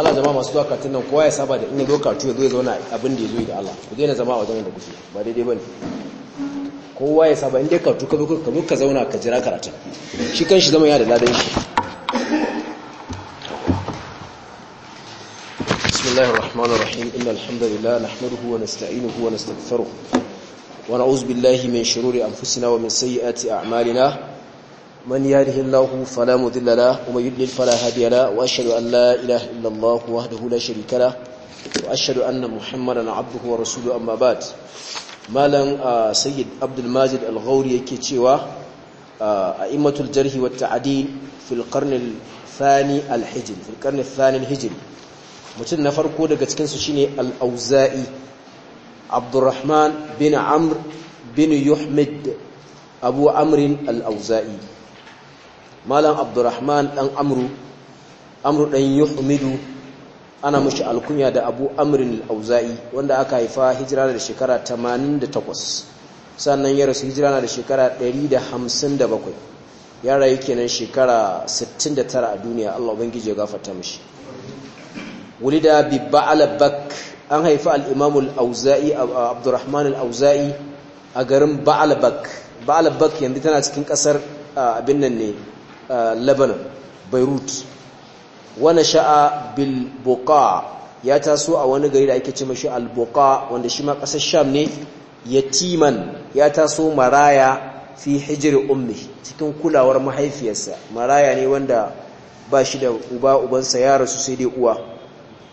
Allah zama masu zuwa katin nan kowa ya saba da inda ya zo ya zo ya zauna abin da ya zo da Allah ku daina zama a wajen da kuke ba daidai ba ne kowa ya saba in dai katu ka zo ka zauna ka jira karatun shi kan shi zama ya da ladan shi bismillahir rahmanir rahim innal hamdalillah nahmaduhu wa nasta'inuhu wa nastaghfiruh wa billahi min shururi anfusina wa min sayyiati a'malina من يهده الله فلا مضل له ومن يضلل فلا هادي له واشهد ان لا اله الا الله وحده لا شريك له واشهد ان محمدا عبده ورسوله اما بعد مالن سيد عبد الماجد الغوري yake cewa a'immatul jarh wa ta'dil fil qarn al al hijri fil mutun na farko daga cikin su shine al auza'i abdurrahman bin amr bin yuhmid abu amrin al auza'i malam abdurrahman dan amru amru dan yuhmidu ana mushi alkunya da abu amrin al-auza'i wanda aka haifa hijira da shekara 88 sannan ya rasu hijira da shekara 157 ya rayu kenan shekara 69 a duniya Allah ubangiji ya gafarta mishi wulida bi bak an haifa al-imam al-auza'i abdurrahman al-auza'i a garin ba'al bak yanzu tana cikin kasar abin nan ne lebanon beirut wani sha'a bilboka ya taso a wani gari da ake ce mashi alboka wanda shi ma ƙasar sham ne yatiman ya taso maraya fi hijiri ummi cikin kulawar mahaifiyarsa maraya ne wanda ba shi da uba ubansa ya rasu sai dai uwa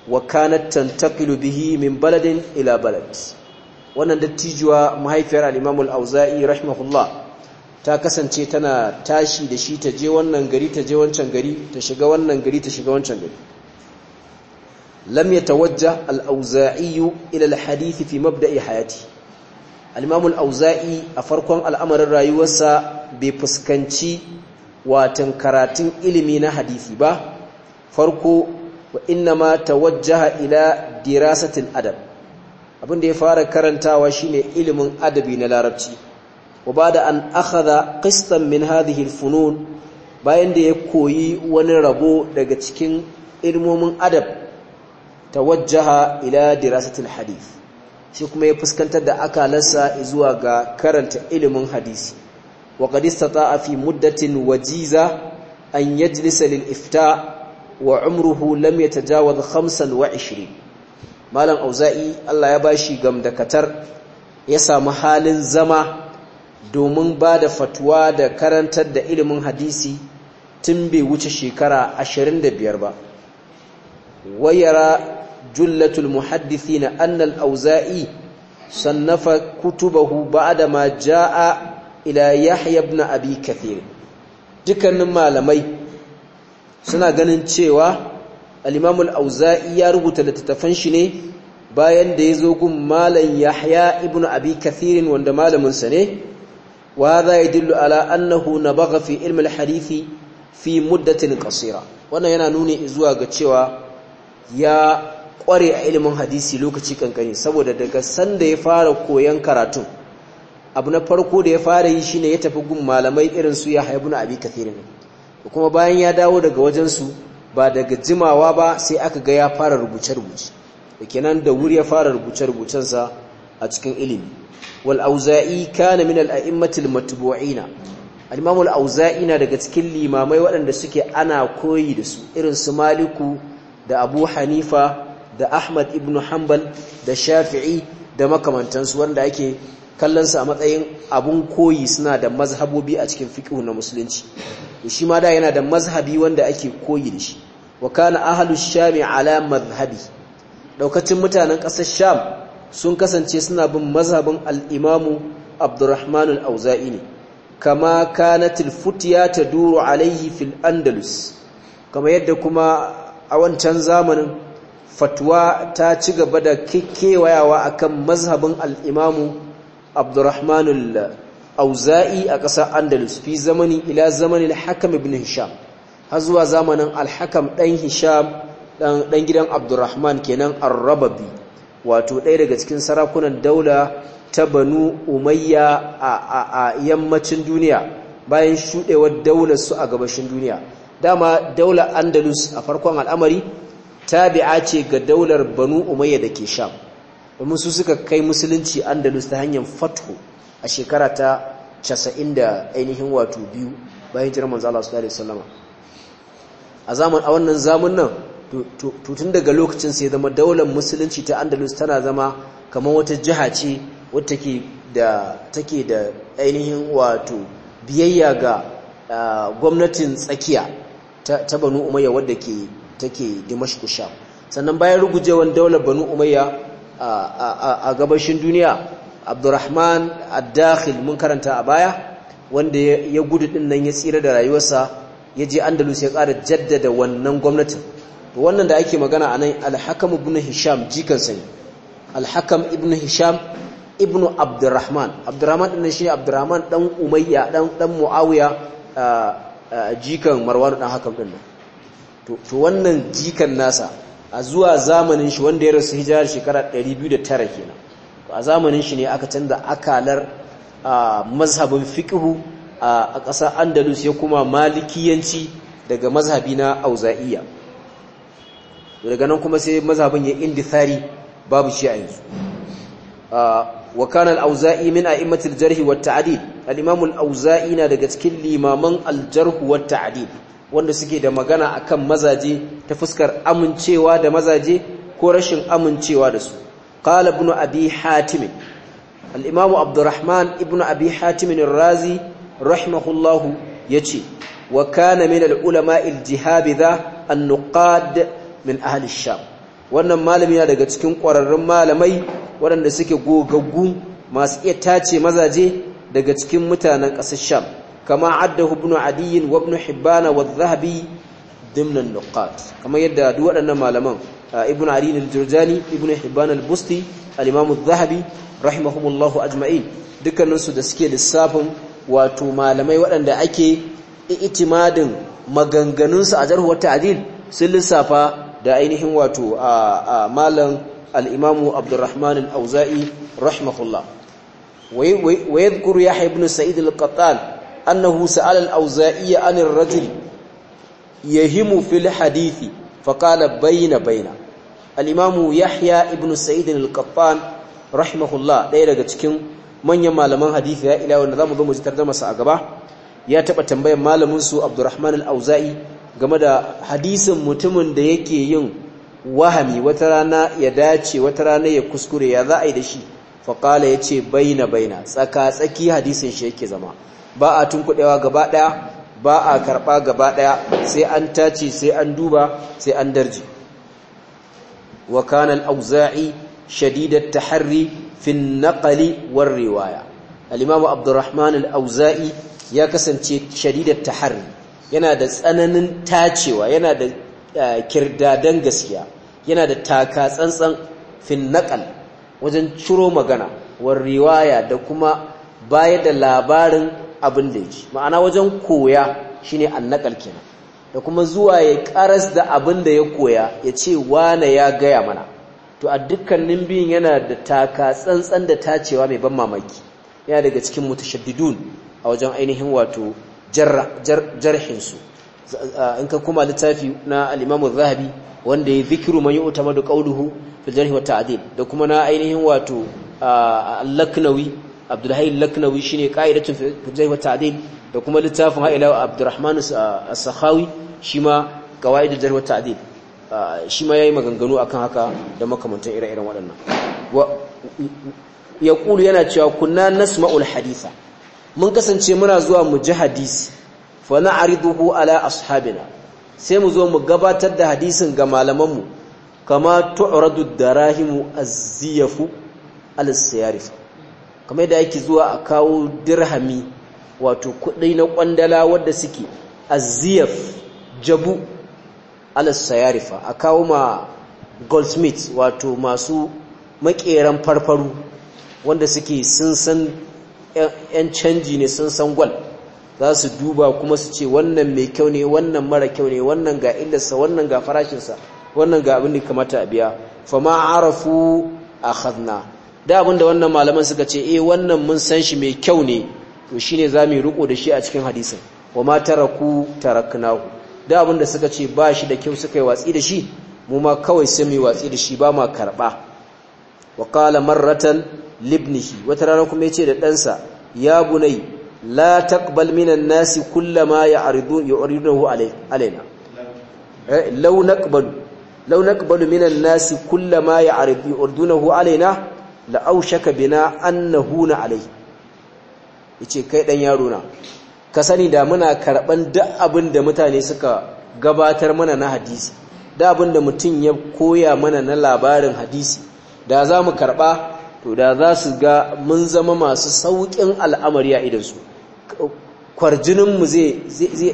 wa kanattan tantaqilu bihi min baladin ila balad wannan dattijuwa mahaifiyar alimamul auzai rahimahullah ta kasance tana tashi da shi ta je wannan gari ta je wancan gari ta shiga wannan gari ta shiga wancan gari lam yatawajja al-auza'i ila al-hadith fi mabda'i hayati al-imam al-auza'i a farkon al'amarin rayuwarsa bai fuskanci watan karatun ilimi na hadisi ba farko wa inna tawajjaha ila dirasatil adab abin da ya fara karantawa shine ilimin adabi na larabci wa bada an akhadha qistan min hadhihi bayan da ya koyi wani rabo daga cikin ilmomin adab tawajjaha ila dirasatin hadith, shi kuma ya fuskantar da akalarsa zuwa ga karanta ilimin hadisi wa qad fi muddatin wajiza an yajlisa lil ifta' wa umruhu lam yatajawaz 25 malam auza'i Allah ya bashi gamdakatar ya samu halin zama domin ba da fatuwa da karantar da ilimin hadisi tun bai wuce shekara ashirin da biyar ba wayara jullatul muhaddisi na annal auzai sannafa kutubahu da ma jaa ila yahya ibn abi kathir dukkanin malamai suna ganin cewa al-imam auzai ya rubuta littattafan shi ne bayan da ya zo gun malam yahya ibn abi kathir wanda malaminsa ne وهذا يدل على أنه نبغ في علم الحديث في مدة قصيرة وانا yana nuni zuwa ga cewa ya kware a ilimin hadisi lokaci kankani saboda daga sanda ya fara koyon karatun abu na farko da ya fara yi shine ya tafi gun malamai irin su ya haibu na abi kathirin kuma bayan ya dawo daga wajen su ba daga jimawa ba sai aka ga ya fara rubuce-rubuce da kenan da wuri ya fara rubuce-rubucensa a cikin ilimi wal auza'i kana min al a'immatil matbu'ina al auza'i na daga cikin limamai waɗanda suke ana koyi da su irin su maliku da abu hanifa da ahmad ibn hanbal da shafi'i da makamantansu wanda ake kallonsa a matsayin abun koyi suna da mazhabobi a cikin fiqh na musulunci shi ma da yana da mazhabi wanda ake koyi da shi wa kana ahlu shami ala mazhabi Ɗaukacin mutanen ƙasar sham sun kasance suna bin mazhabin al'imamu abdurrahman al'auza'i ne kama kanatil futiya ta duru alaihi fil andalus kama yadda kuma a wancan zamanin fatwa ta ci gaba da kewayawa akan mazhabin al'imamu abdurrahman al'auza'i a ƙasar andalus fi zamanin ila zamanin hakam ibn hisham har zuwa zamanin alhakam ɗan hisham ɗan gidan abdurrahman kenan arrababi wato ɗaya daga cikin sarakunan daula ta banu umayya a yammacin duniya bayan shuɗewar daular su a gabashin duniya dama Daula andalus a farkon al'amari ta bi'a ce ga daular banu umayya da ke sham domin su suka kai musulunci andalus ta hanyar fatho a shekara ta casa'in da ainihin wato biyu bayan jiran manzala Allah sallallahu a zaman a wannan zamun nan tutun daga lokacin sai zama daular musulunci ta andalus tana zama kamar wata jiha ce wadda take da ainihin wato biyayya ga gwamnatin tsakiya ta banu umayya wadda take dimashku sha sannan bayan rugujewan daular banu umayya a gabashin duniya abdurrahman ad-dakhil mun karanta a baya wanda ya gudu din nan ya tsira da rayuwarsa ya je andalus ya ƙara jaddada wannan gwamnatin to wannan da ake magana anan nan alhakam ibn hisham jikan ne, alhakam ibn hisham ibn abdurrahman abdurrahman din shi abdurrahman dan umayya dan dan muawiya jikan marwan dan hakam din to to wannan jikan nasa a zuwa zamanin shi wanda ya rasu hijira shekara 209 kenan a zamanin shi ne aka canza akalar mazhabin fiqhu a ƙasar Andalus ya kuma malikiyanci daga mazhabi na Auza'iya daga nan kuma sai mazhabin ya indithari babu shi a yanzu wa kana al-auza'i min a'immatil jarh wa ta'dil al-imam al-auza'i na daga cikin limaman al-jarh wa ta'dil wanda suke da magana akan mazaje ta fuskar amincewa da mazaje ko rashin amincewa da su qala ibn abi hatim al-imam abdurrahman ibn abi hatim ar-razi rahimahullahu yace wa kana min al-ulama al-jihab dha an-nuqad min ahli sham wannan malami na daga cikin ƙwararrun malamai waɗanda suke gogaggu masu iya tace mazaje daga cikin mutanen ƙasar sham kama addahu ibn adiy wa ibn hibban wa dimnan nuqat kamar yadda duk waɗannan malaman ibn adiy al-jurjani ibn hibban al-busti al-imam adh-dhahabi rahimahumullahu ajma'in dukkaninsu da suke lissafin wato malamai waɗanda ake itimadin maganganunsu a jarhuwar ta'dil sun lissafa da ainihin wato a malam alimamu imamu abdurrahman al-auza'i rahimahullah wa ya yahya ibn sa'id al annahu sa'ala al-auza'i an rajin ya yahimu fil hadithi faqala bayna bayna al yahya ibn sa'id al-qattan rahimahullah ɗaya daga cikin manyan malaman hadisi ya ila wanda zamu zo mu ji tarjuma sa a gaba ya taɓa tambayar malamin su Abdurrahman al-Auza'i game da hadisin mutumin da yake yin wahami wata rana ya dace wata rana ya kuskure ya za a yi da shi faƙala ya ce baina baina tsaka tsaki hadisin shi yake zama ba a tunkuɗewa gaba ɗaya ba a karɓa gaba ɗaya sai an tace sai an duba sai an darji wa kana al-auza'i shadidat taharri fi an-naqli war riwaya al-imam abdurrahman al-auza'i ya kasance shadidat taharri yana da tsananin tacewa yana da eh, kirdadan gaskiya yana da taka tsantsan fin naƙal wajen ciro magana war riwaya da kuma baya da labarin abin da yake ma'ana wajen koya shine annaqal kenan da kuma zuwa ya karas da abin da ya koya ya ce wane ya gaya mana to a dukkanin biyun yana da taka tsantsan da tacewa mai ban mamaki yana daga cikin mutashaddidun a wajen ainihin wato jarhinsu in ka kuma littafi na alimamun zahabi wanda ya zikiru man yi utamadu ƙauluhu fil jarhi wa da kuma na ainihin wato laknawi abdullahi laknawi shine qa'idatun fil jarhi wa ta'adil da kuma littafin ha'ila abdurrahman as-sakhawi shi ma qawaid al-jarh wa ta'dil shi ma yayi maganganu akan haka da makamantan ire-iren waɗannan yaqulu yana cewa kunna nasma'ul haditha mun kasance muna zuwa mu ji hadisi fa na'riduhu ala ashabina sai mu zo mu gabatar da hadisin ga malamanmu kama tu'radu darahimu az-ziyafu al-siyarif kamar da yake zuwa a kawo dirhami wato kudi na kwandala wanda suke az-ziyaf jabu al-siyarifa a kawo ma goldsmith wato masu makeran farfaru wanda suke sun san 'yan canji ne sun san gwal za su duba kuma su ce wannan mai kyau ne wannan mara kyau ne wannan ga illarsa wannan ga farashinsa wannan ga abin da kamata a biya fama arafu khadna da abinda wannan malaman suka ce eh wannan mun san shi mai kyau ne to shine yi riko da shi a cikin hadisin ma taraku taraknahu da abinda suka ce ba shi da kyau suka yi watsi da shi mu ma kawai sai mu yi watsi da shi ba ma karba wa qala marratan libnihi wata rana kuma ya ce da ɗansa ya bunai la taqbal minan nasi kullama ya yu'ridunahu alaina eh, law naqbalu law naqbalu minan nasi kullama ya'ridu yu'ridunahu alaina la aushaka bina annahu na alai yace kai dan yaro na ka sani da muna karban duk abin da mutane suka gabatar mana na hadisi da abin da mutum ya koya mana na labarin hadisi da za mu karɓa to da za su ga mun zama masu sauƙin al'amari a idansu kwarjininmu zai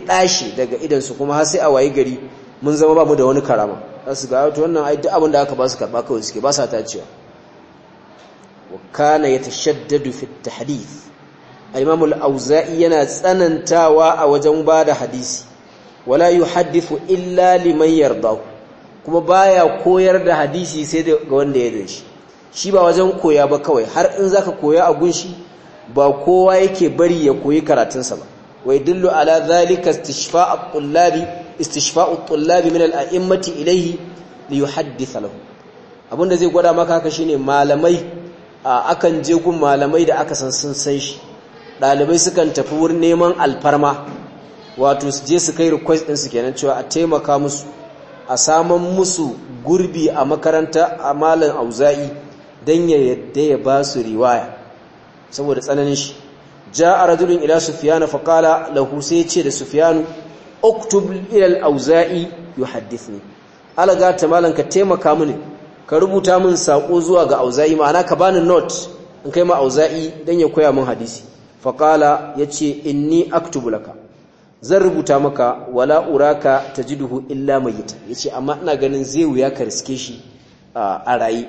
ɗashi daga idansu kuma har sai a wayi gari mun zama ba mu da wani karama za su ga ah, to wannan ai abin da aka ba su karɓa kawai suke ba sa cewa wa kana ya fi tahdith al-imam al-auza'i yana tsanantawa a wajen ba da hadisi wala yuhaddithu illa liman yarda kuma baya koyar da hadisi sai ga wanda ya shi shi ba wajen koya ba kawai har in zaka koya a gunshi ba kowa yake bari ya koyi karatunsa ba wai dillu ala zalika istishfa'u at-tullabi istishfa'u at-tullabi min al-a'immati ilayhi li yuhaddith lahu abinda zai gwada maka haka shine malamai akan je gun malamai da aka san sun san shi dalibai sukan tafi wurin neman alfarma wato su je su kai request din su kenan cewa a taimaka musu a saman musu gurbi a makaranta a malam auza'i dan ya yadda ya ba su riwaya saboda tsananin shi Ja rajulun ila sufiyanu Faƙala, qala lahu ce da Sufiyanu, uktub ila al-auza'i ne. alaga ta malan ka taimaka mini ka rubuta min saƙo zuwa ga auza'i ma'ana ka bani note in kai ma auza'i dan ya koya min hadisi Faƙala ya ce yace ni aktubu laka zan rubuta maka wala uraka duhu illa mai Ya ce amma ina ganin zai wuya ka riske shi a rayi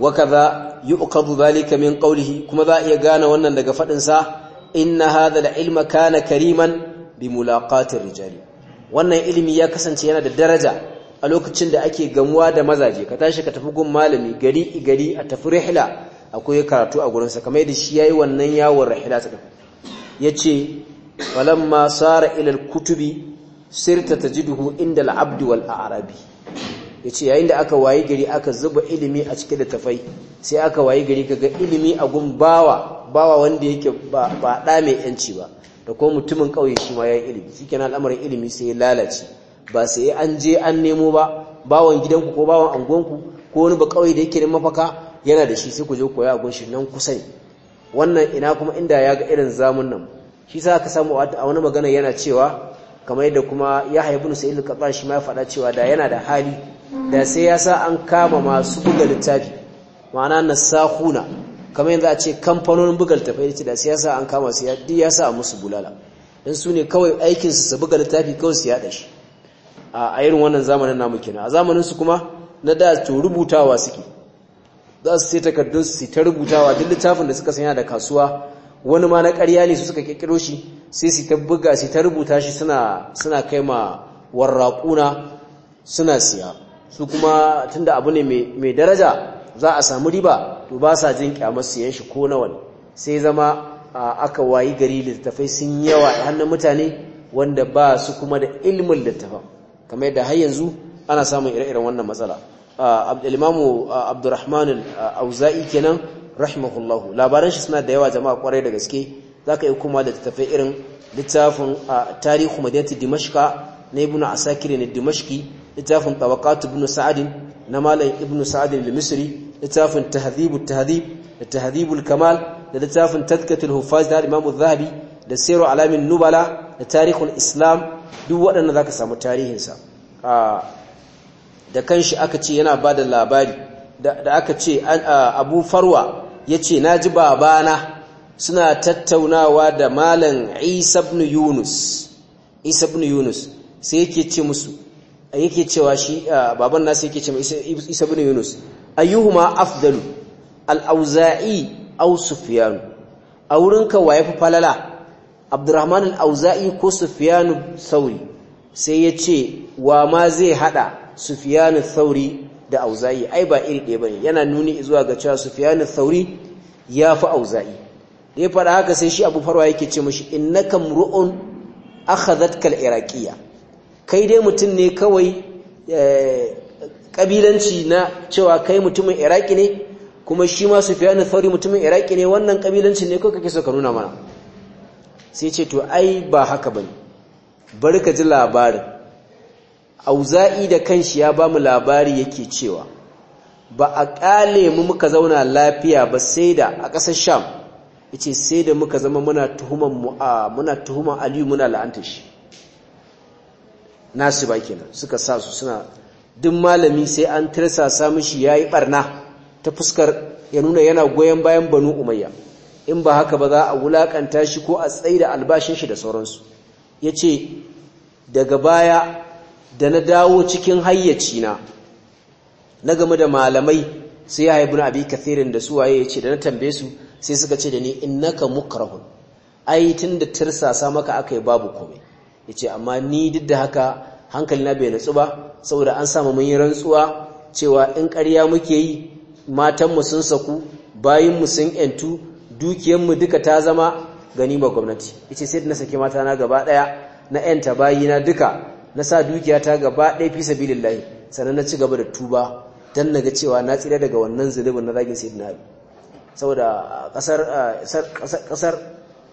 وكذا يؤخذ ذلك من قوله كما iya gane wannan daga fadin sa inna hadha al-ilma kana kariman bi mulaqati ar-rijal wannan ilimi ya kasance yana da daraja a lokacin da ake gamuwa da mazaje ka tashi ka tafi gun malami gari gari a tafi rihla akwai karatu a gurin sa kamar da shi yayi wannan yawon rihla ta yace falamma sara ila al-kutubi sirta tajiduhu inda al-abd wal-arabi ya ce yayin da aka wayi gari aka zuba ilimi a cikin tafai sai aka wayi gari kaga ilimi a gun bawa bawa wanda yake ba ɗa mai yanci ba da kuma mutumin ƙauye shi ma ya yi ilimi shi kenan al'amarin ilimi sai ya lalace ba sai an je an nemo ba bawan gidanku ko bawan angonku ko wani ba ƙauye da yake da mafaka yana da shi sai ku je ku koya a shi nan kusa wannan ina kuma inda ya ga irin zamun nan shi sa ka samu a wani magana yana cewa kamar yadda kuma ya haibu nusa ilil kaɓa shi ma ya faɗa cewa da yana da hali da sai ya sa an kama masu buga littafi ma'ana na sahuna kamar yanzu a ce kamfanonin buga littafi ce da sai ya sa an kama su yadda ya sa musu bulala don su ne kawai aikinsu su buga littafi kawai su yaɗa shi a irin wannan zamanin namu kenan a zamaninsu kuma na da su rubutawa suke za su sai takardun su ta rubutawa duk littafin da suka sanya da kasuwa wani ma na karya ne su suka kirkiro shi sai su ta buga su ta rubuta shi suna kai ma warraƙuna suna siya su kuma tunda abu ne mai daraja za a samu riba to ba sa jin kyamar siyan shi ko nawa ne sai zama aka wayi gari littattafai sun yawa a hannun mutane wanda ba su kuma da ilimin littattafan kamar yadda har yanzu ana samun ire-iren wannan matsala al-imamu abdurrahman al-auza'i kenan rahimahullahu labaran shi suna da yawa jama'a kwarai da gaske zaka yi kuma da littattafai irin littafin tarihu madinati Dimashka. na ibn asakir ne Dimashki. littafin tabaqat ibn sa'ad na malam ibn sa'ad al-misri littafin tahdhib at-tahdhib da tahdhib al-kamal da littafin tadkatul huffaz da imam zahabi da sirru alamin nubala da tarihul islam duk waɗanda zaka samu tarihin sa da kanshi aka ce yana bada labari da aka ce abu farwa yace naji babana suna tattaunawa da malam Isa ibn Yunus Isa ibn Yunus sai yake ce musu yake cewa shi baban nasu yake cewa isa bin yunus ayyuhuma afdalu al-auza'i aw sufyan a wurin ka waye fa falala abdurrahman al-auza'i ko sufyan sauri sai yace wa ma zai hada sufyan sauri da auza'i ai ba iri ɗaya bane yana nuni zuwa ga cewa sufyan sauri ya yafi auza'i da ya faɗa haka sai shi abu farwa yake ce mishi innaka mru'un akhadhatka al-iraqiyya kai dai mutum ne kawai kabilanci eh, na cewa kai mutumin iraki ne kuma shi ma sufiyanu thauri mutumin iraki ne wannan kabilanci ne ko kake so ka nuna mana sai ce to ai ba haka ba ne, bari ka ji labarin auza'i da kanshi ya mu labari yake cewa ba a kale mu muka zauna lafiya ba sai da a ƙasar sham ce sai da muka zama muna tuhumar aliyu muna la'anta shi nasu ba kenan suka sa su suna duk malami sai an tirsasa mishi yayi barna ta fuskar ya nuna yana goyen bayan banu umayya in ba haka ba za a wulakanta shi ko a tsaida albashin shi da sauransu yace daga baya da na dawo cikin hayyaci na na game da malamai sai ya haibu na abi kathirin da suwaye yace da na tambaye su sai suka ce da ni innaka mukrahun ai tunda tirsasa maka akai babu komai ya ce amma ni duk da haka na bai natsu ba saboda an samu mun yi rantsuwa cewa in ƙarya muke yi matanmu sun saku bayinmu sun yantu dukiyanmu duka ta zama gani ma gwamnati ce sai da na saki matana gaba ɗaya, na yanta bayina duka na sa dukiyata gaba ɗaya, fi lillahi sannan na ci gaba da tuba don na ga cewa na tsira daga wannan zulubin na zagin sai ali saboda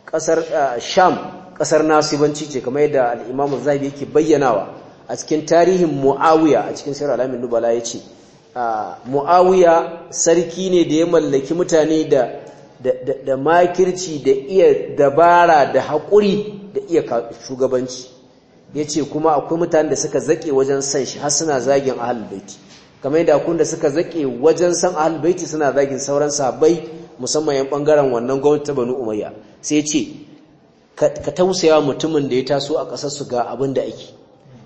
kasar sham kasar nasibanci ce kamar yadda al-Imam yake bayyanawa a cikin tarihin Muawiya a cikin shirar alamun Bala ya ce ah, Muawiya sarki ne da ya mallaki mutane da makirci da iya dabara da haƙuri da iya shugabanci Ya ce kuma akwai mutane da suka zaƙe wajen san shi har suna zagin ahlul baiti kamar yadda akwai da suka zaƙe wajen san ahlul baiti suna zagin sauran sabai musamman yan bangaren wannan gwamnati ta Banu Umayya sai ce. ka tausaya mutumin da ya taso a ƙasar su ga abin da ake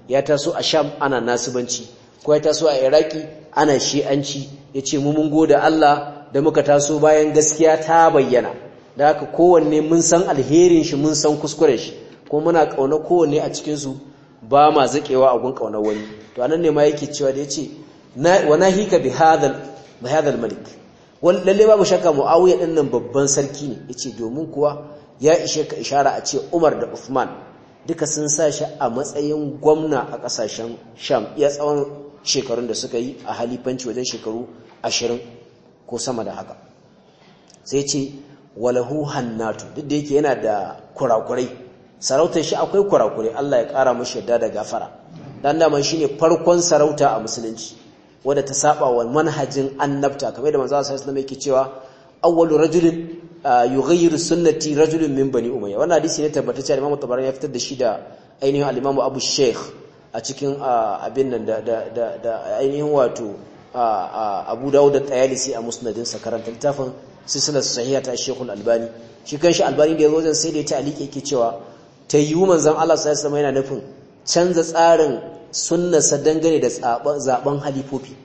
ya taso a sham ana nasibanci ko ya taso a iraki ana shi'anci ya ce mu mungo da allah da muka taso bayan gaskiya ta bayyana da haka kowanne mun san alherin shi mun san kuskuren shi kuma muna ƙauna kowanne a cikinsu ba ma zaƙewa a gun ƙaunar wani to anan ne ma yake cewa da ya ce wa nahika bi hadal malik lalle babu shakka muawiya din nan babban sarki ne ya ce, domin kuwa ya ishe ka ishara a ce Umar da Uthman duka sun sa shi a matsayin gwamna a kasashen Sham ya tsawon shekarun da suka yi a halifanci wajen shekaru ashirin, ko sama da haka sai ce walahu hannatu duk da yake yana da kurakurai sarautar shi akwai kurakurai Allah ya kara mashi yadda da gafara dan daman shine farkon sarauta a musulunci wadda ta saba wa manhajin annabta kamar da manzo sallallahu alaihi wasallam yake cewa awwalu rajulin yughayyiru sunnati rajulun min bani umayya wannan hadisi ne tabbatacce Imam Tabarani ya fitar da shi da ainihin al-Imam Abu Sheikh a cikin abin nan da da ainihin wato Abu Dawud da Tayalisi a musnadin sa karanta littafin silsilar sahiha ta Sheikh Al-Albani shi kanshi Albani da yazo zan sai da ya ta'alike yake cewa tayyu manzon Allah sallallahu alaihi wasallam yana nufin canza tsarin sa dangane da zaben halifofi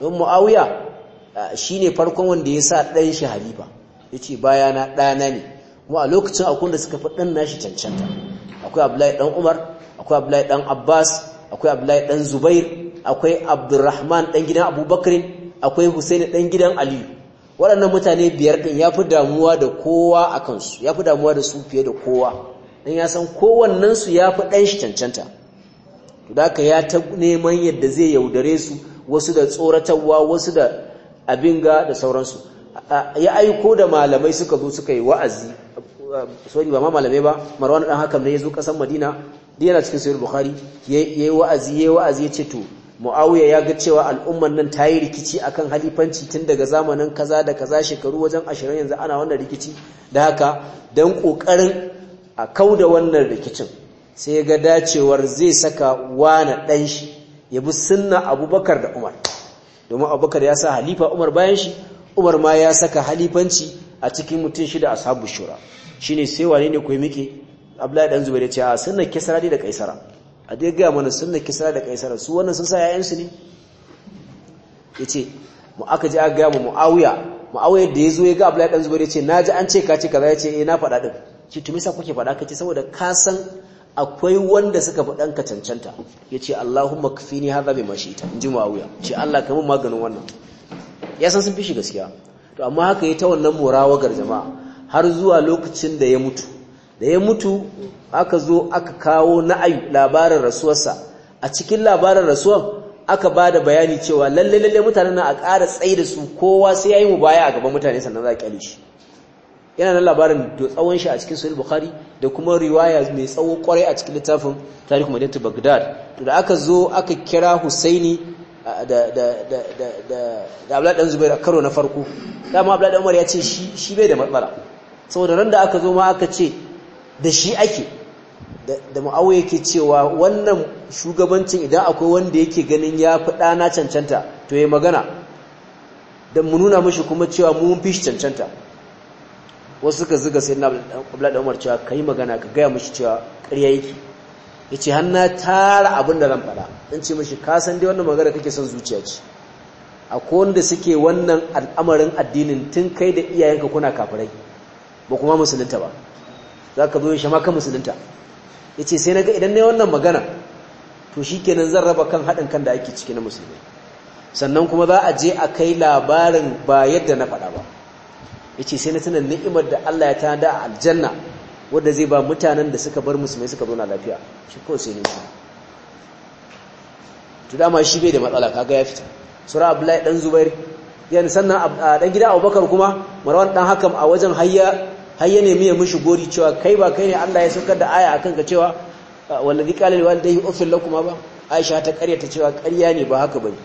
don Muawiya shine farkon wanda ya sa dan shi halifa yace bayana ɗana ne kuma a lokacin akwai da suka fi nashi cancanta akwai abulai ɗan Umar akwai abulai ɗan Abbas akwai abulai ɗan Zubair akwai Abdurrahman ɗan gidan Abubakar akwai Husaini ɗan gidan Aliyu waɗannan mutane biyar ɗin ya fi damuwa da kowa a kansu ya fi damuwa da su fiye da kowa ɗan ya san kowannensu ya fi ɗan shi cancanta da ya ta neman yadda zai yaudare su wasu da tsoratarwa wasu da abin ga da sauransu ya aiko da malamai suka zo suka yi wa'azi sorry ba ma malamai ba marwan dan hakan ne yazo kasan madina da yana cikin sahih bukhari yayi wa'azi yayi wa'azi ya ce to muawiya ya ga cewa al'umman nan ta yi rikici akan halifanci tun daga zamanin kaza da kaza shekaru wajen 20 yanzu ana wannan rikici da haka dan kokarin a kauda wannan rikicin sai ga dacewar zai saka wani dan shi ya bi sunna abubakar da umar domin abubakar ya sa halifa umar bayan shi Umar ma ya saka halifanci a cikin mutum shida ashabu shura shine sai wane ne koyi miki Abdullahi dan Zubair ya ce a sunnar Kisra da Kaisara a dai ga mana sunnar Kisra da Kaisara su wannan sun sa yayansu ne yace mu aka ji aka ga mu Muawiya Muawiya da yazo ya ga Abdullahi dan Zubair ya ce naji an ce ka ce kaza ya ce eh na faɗa din ce tumi sa kuke faɗa kace saboda ka san akwai wanda suka faɗan ka cancanta yace Allahumma kafini hadha bima shi'ta inji Muawiya ce Allah kamun maganin wannan ya san sun fi shi gaskiya to amma haka yi ta wannan morawagar jama'a har zuwa lokacin da ya mutu da ya mutu aka zo aka kawo na'ayi labarin rasuwarsa a cikin labarin rasuwar aka ba da bayani cewa lalle lalle mutane na a ƙara tsayi da su kowa sai ya yi mu baya a gaban mutane sannan za a kyale shi yana nan labarin da tsawon shi a cikin sahih bukhari da kuma riwaya mai tsawo kwarai a cikin littafin tarihi madinatu bagdad to da aka zo aka kira Hussaini. da Abdullahi dan Zubair a karo na farko dama Abdullahi dan Umar ya ce shi bai da matsala saboda ran da aka zo ma aka ce da shi ake da ma'awo yake cewa wannan shugabancin idan akwai wanda yake ganin ya fi ɗana cancanta to ya magana Da mu nuna mashi kuma cewa mun fi shi cancanta wasu ka zuga sai na Abdullahi dan Umar cewa ka yi magana ka gaya mashi cewa ƙarya yake ya ce hannu tara abin da zan faɗa in ce mashi kasan dai wannan magana kake son zuciya ce a wanda suke wannan al'amarin addinin tun kai da iyayenka kuna kafirai ba kuma musulunta ba za ka zo shama kan musulunta ya ce sai na ga idan na yi wannan magana to shi kenan zan raba kan haɗin kan da ake ciki na musulmi sannan kuma za a je a kai labarin ba yadda na faɗa ba ya ce sai na tunan ni'imar da Allah ya tada a aljanna wanda zai ba mutanen da suka bar musulmai suka na lafiya shi kawai sai ne to dama shi bai da matsala kaga ya fita sura abdullahi dan zubair yana sannan dan gida abubakar kuma marwan dan hakan a wajen hayya hayya ne miya mishi gori cewa kai ba kai ne Allah ya saukar da aya akan ka cewa wallazi qala lil walidayhi uffil lakuma ba aisha ta ƙarya ta cewa ƙarya ne ba haka bane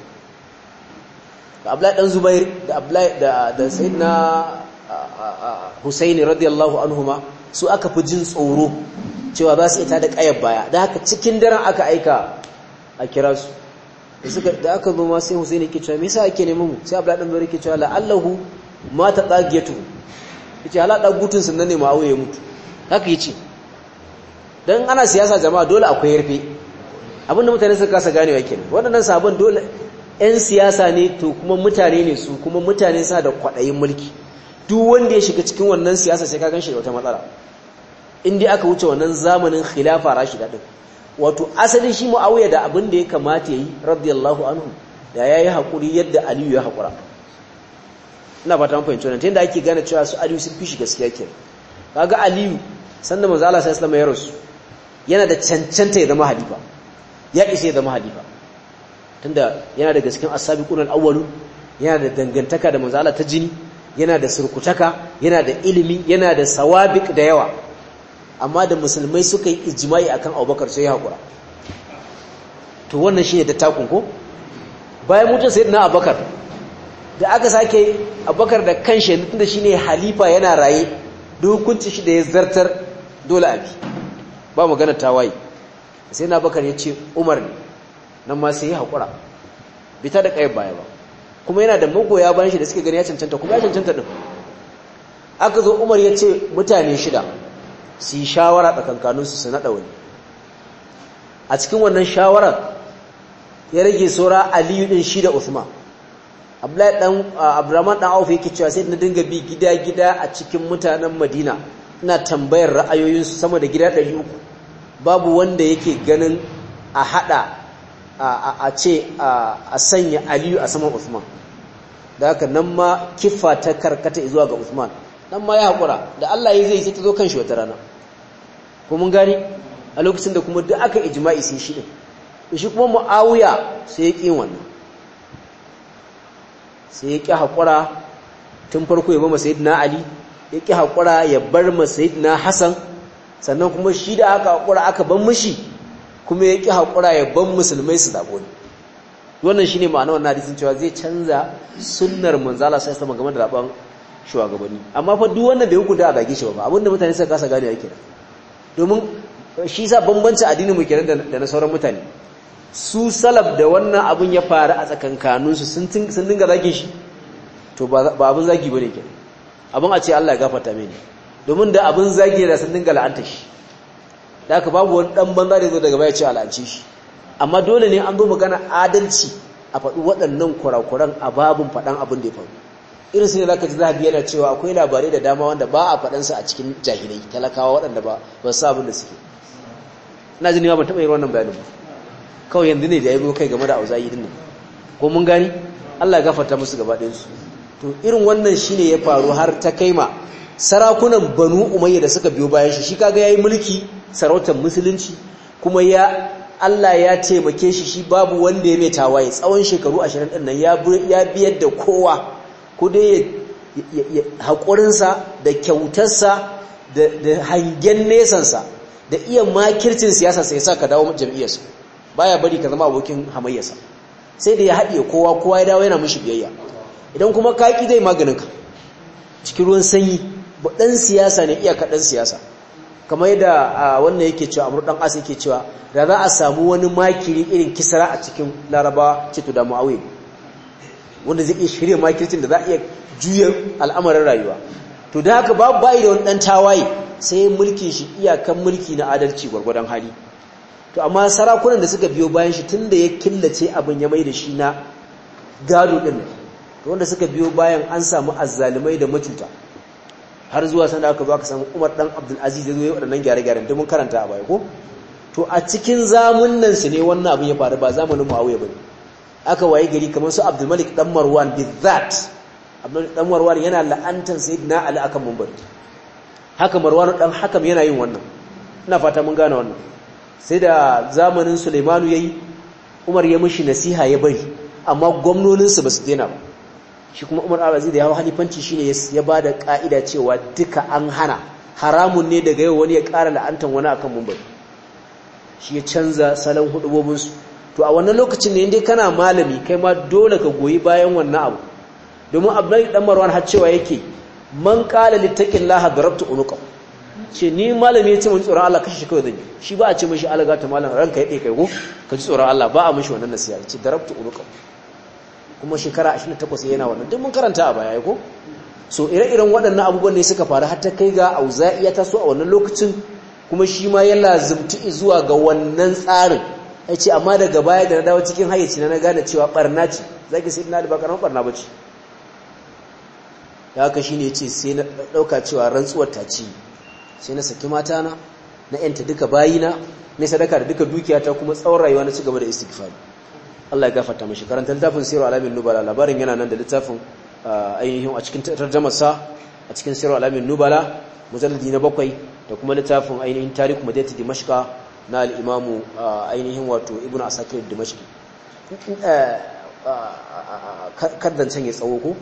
da abdullahi dan zubair da abdullahi da da sayyidina husaini radiyallahu anhuma su aka fi jin tsoro cewa ba su ita da ƙayar baya da haka cikin daren aka aika a kira su da aka zo ma sai husaini ke cewa sa ake neman mu sai abu ɗan bari ke cewa la'allahu ma ta tsagiya tu ya ce halaɗa gutun sannan ne ma'au ya mutu haka yi ce don ana siyasa jama'a dole akwai yarfe abinda mutane suka kasa ganewa kenan waɗannan sabon dole 'yan siyasa ne to kuma mutane ne su kuma mutane sa da kwaɗayin mulki duk wanda ya shiga cikin wannan siyasa sai ka gan shi da wata matsala inda aka wuce wannan zamanin khilafa rashida din wato asali shi muawiya da abin da ya kamata yi radiyallahu anhu da yayi hakuri yadda aliyu ya hakura ina ba ta fahimci wannan tunda ake gane cewa su aliyu sun fishi gaskiya ke. kaga aliyu sanda manzo Allah sallallahu alaihi wasallam ya rasu yana da cancanta ya zama halifa ya isa ya zama halifa tunda yana da gaskin as-sabiqun al-awwalun yana da dangantaka da manzo Allah ta jini yana da surkutaka yana da ilimi yana da sawabik da yawa amma da musulmai suka yi ijimai akan abubakar sai ya haƙura to wannan shi ne da takun ko bayan mutum sai na abubakar da aka sake abubakar da kan shi tunda shi ne halifa yana raye da hukunci shi da ya zartar dole abi ba magana tawaye sai na abubakar ya ce umar ne nan ma sai ya haƙura bita da ƙayar baya ba kuma yana da magoya bayan shi da suke gani ya cancanta kuma ya cancanta din aka zo Umar ya ce mutane shida su yi shawara tsakankanin su su naɗa wani a cikin wannan shawarar ya rage saura Aliyu ɗin shi da Usman. Abdullahi ɗan Abdurrahman dan Auf yake cewa sai na dinga bi gida-gida a cikin mutanen Madina ina tambayar ra'ayoyinsu sama da gida uku babu wanda yake ganin a hada a ce a sanya Aliyu a saman Usman. da haka nan ma kifa ta karkata zuwa ga Usman nan ma ya haƙura da Allah ya zai sai ta zo kanshi wata rana ko mun gani a lokacin da kuma duk aka ijma'i sai shi din shi kuma Muawiya sai ya ƙi wannan sai ya ƙi haƙura tun farko ya ba Sayyidina Ali ya ƙi haƙura ya bar ma Sayyidina Hassan sannan kuma shi da aka haƙura aka ban mishi kuma ya ƙi haƙura ya ban musulmai su zaɓo ne wannan shine ma'anar wannan hadisin cewa zai canza sunnar manzo Allah sai sama game da rabon shugabanni amma fa duk wannan bai hukunta a zage shi ba abinda mutane suka kasa gane yake domin shi sa bambanci addinin mu kenan da na sauran mutane su salaf da wannan abun ya faru a tsakankanin su sun dinga zagin shi to ba abun zagi bane kenan abun a ce Allah ya gafarta mini domin da abun zagi da sun dinga la'anta shi da haka babu wani dan banza da zo daga baya ce al'anci shi amma dole ne an zo magana adalci a faɗi waɗannan kurakuran a babin faɗan abin da ya faru irin su ne zaka ji biya biyana cewa akwai labarai da dama wanda ba a faɗansa a cikin jahilai talakawa waɗanda ba ba su abin da suke ina jin ban taɓa yi wannan bayanin ba kawai yanzu ne da ya zo kai game da auzayi din nan ko mun gani Allah ya gafarta musu gaba ɗayan to irin wannan shine ya faru har ta kai ma sarakunan Banu Umayya da suka biyo bayan shi shi kaga yayi mulki sarautar musulunci kuma ya Allah ya taimake shi shi babu wanda ya mai tawaye tsawon shekaru ashirin din nan ya biyar da kowa ku dai haƙurinsa da kyautarsa da hangen nesansa da iya makircin siyasa sai sa ka dawo jam'iyyarsa baya bari ka zama abokin hamayyarsa sai da ya haɗiye kowa kowa ya dawo yana mishi biyayya idan kuma ka ƙi zai ka, cikin ruwan sanyi Ba ɗan siyasa ne iyaka ɗan siyasa kamar yadda wannan yake cewa a dan as yake cewa da za a samu wani makiri irin kisra a cikin larabawa ce to da muawiya wanda zai iya shirya makircin da za a iya juya al'amarin rayuwa to da haka babu bayi da wani ɗan tawaye sai mulkin shi iyakan mulki na adalci gwargwadon hali to amma sarakunan da suka biyo bayan shi tun da ya killace abin ya mai da shi na gado ɗin to wanda suka biyo bayan an samu azzalumai da macuta har zuwa sanda aka zo aka samu Umar dan Abdul Aziz ya zo ya wadannan gyare-gyaren da mun karanta a baya ko to a cikin zamunan su ne wannan abin ya faru ba zamanin Muawiya bane aka waye gari kamar su Abdul Malik dan Marwan bizat Abdul dan Marwan yana la'antan Sayyidina Ali akan mimbar haka Marwan dan Hakam yana yin wannan ina fata mun gane wannan sai da zamanin Sulaimanu yayi Umar ya mishi nasiha ya bari amma gwamnonin ba su dena ba shi kuma umar al da ya halifanci shine ya ba da ka'ida cewa duka an hana haramun ne daga yau wani ya ƙara la'antar wani akan mumbai shi ya canza salon hudubobinsu to a wannan lokacin ne indai kana malami kai ma dole ka goyi bayan wannan abu domin abdullahi dan marwan har cewa yake man qala littaqin laha darabtu unuka ce ni malami yace mun tsoron Allah kashi shi kawai zan yi shi ba a ce mishi alaga ta malam ranka yade kai ko ka ji tsoron Allah ba a mishi wannan nasiha ce darabtu unuka kuma shekara 28 yana wannan duk mun karanta a baya ko so ire-iren waɗannan abubuwan ne suka faru har ta kai ga auza'i ya taso a wannan lokacin kuma shi ma ya lazumci zuwa ga wannan tsarin yace ce amma daga baya da na dawo cikin hayyaci na gane cewa barna ce zaki sai ina da bakar barna bace da haka shine yace sai na dauka cewa rantsuwar ta ce sai na saki mata na na yanta duka bayina na sadaka da duka dukiyata kuma tsawon rayuwa na cigaba gaba da istighfar Allah ya gafarta mishi karanta littafin siru alamin nubala labarin yana nan da littafin ah, ainihin a cikin tarjumar sa a cikin siru alamin nubala mujalladi na bakwai da kuma littafin ainihin tarihu madinati dimashqa na al-imam ah, ainihin wato ibnu asakir dimashqi eh, ah, kaddan can ya tsawo ko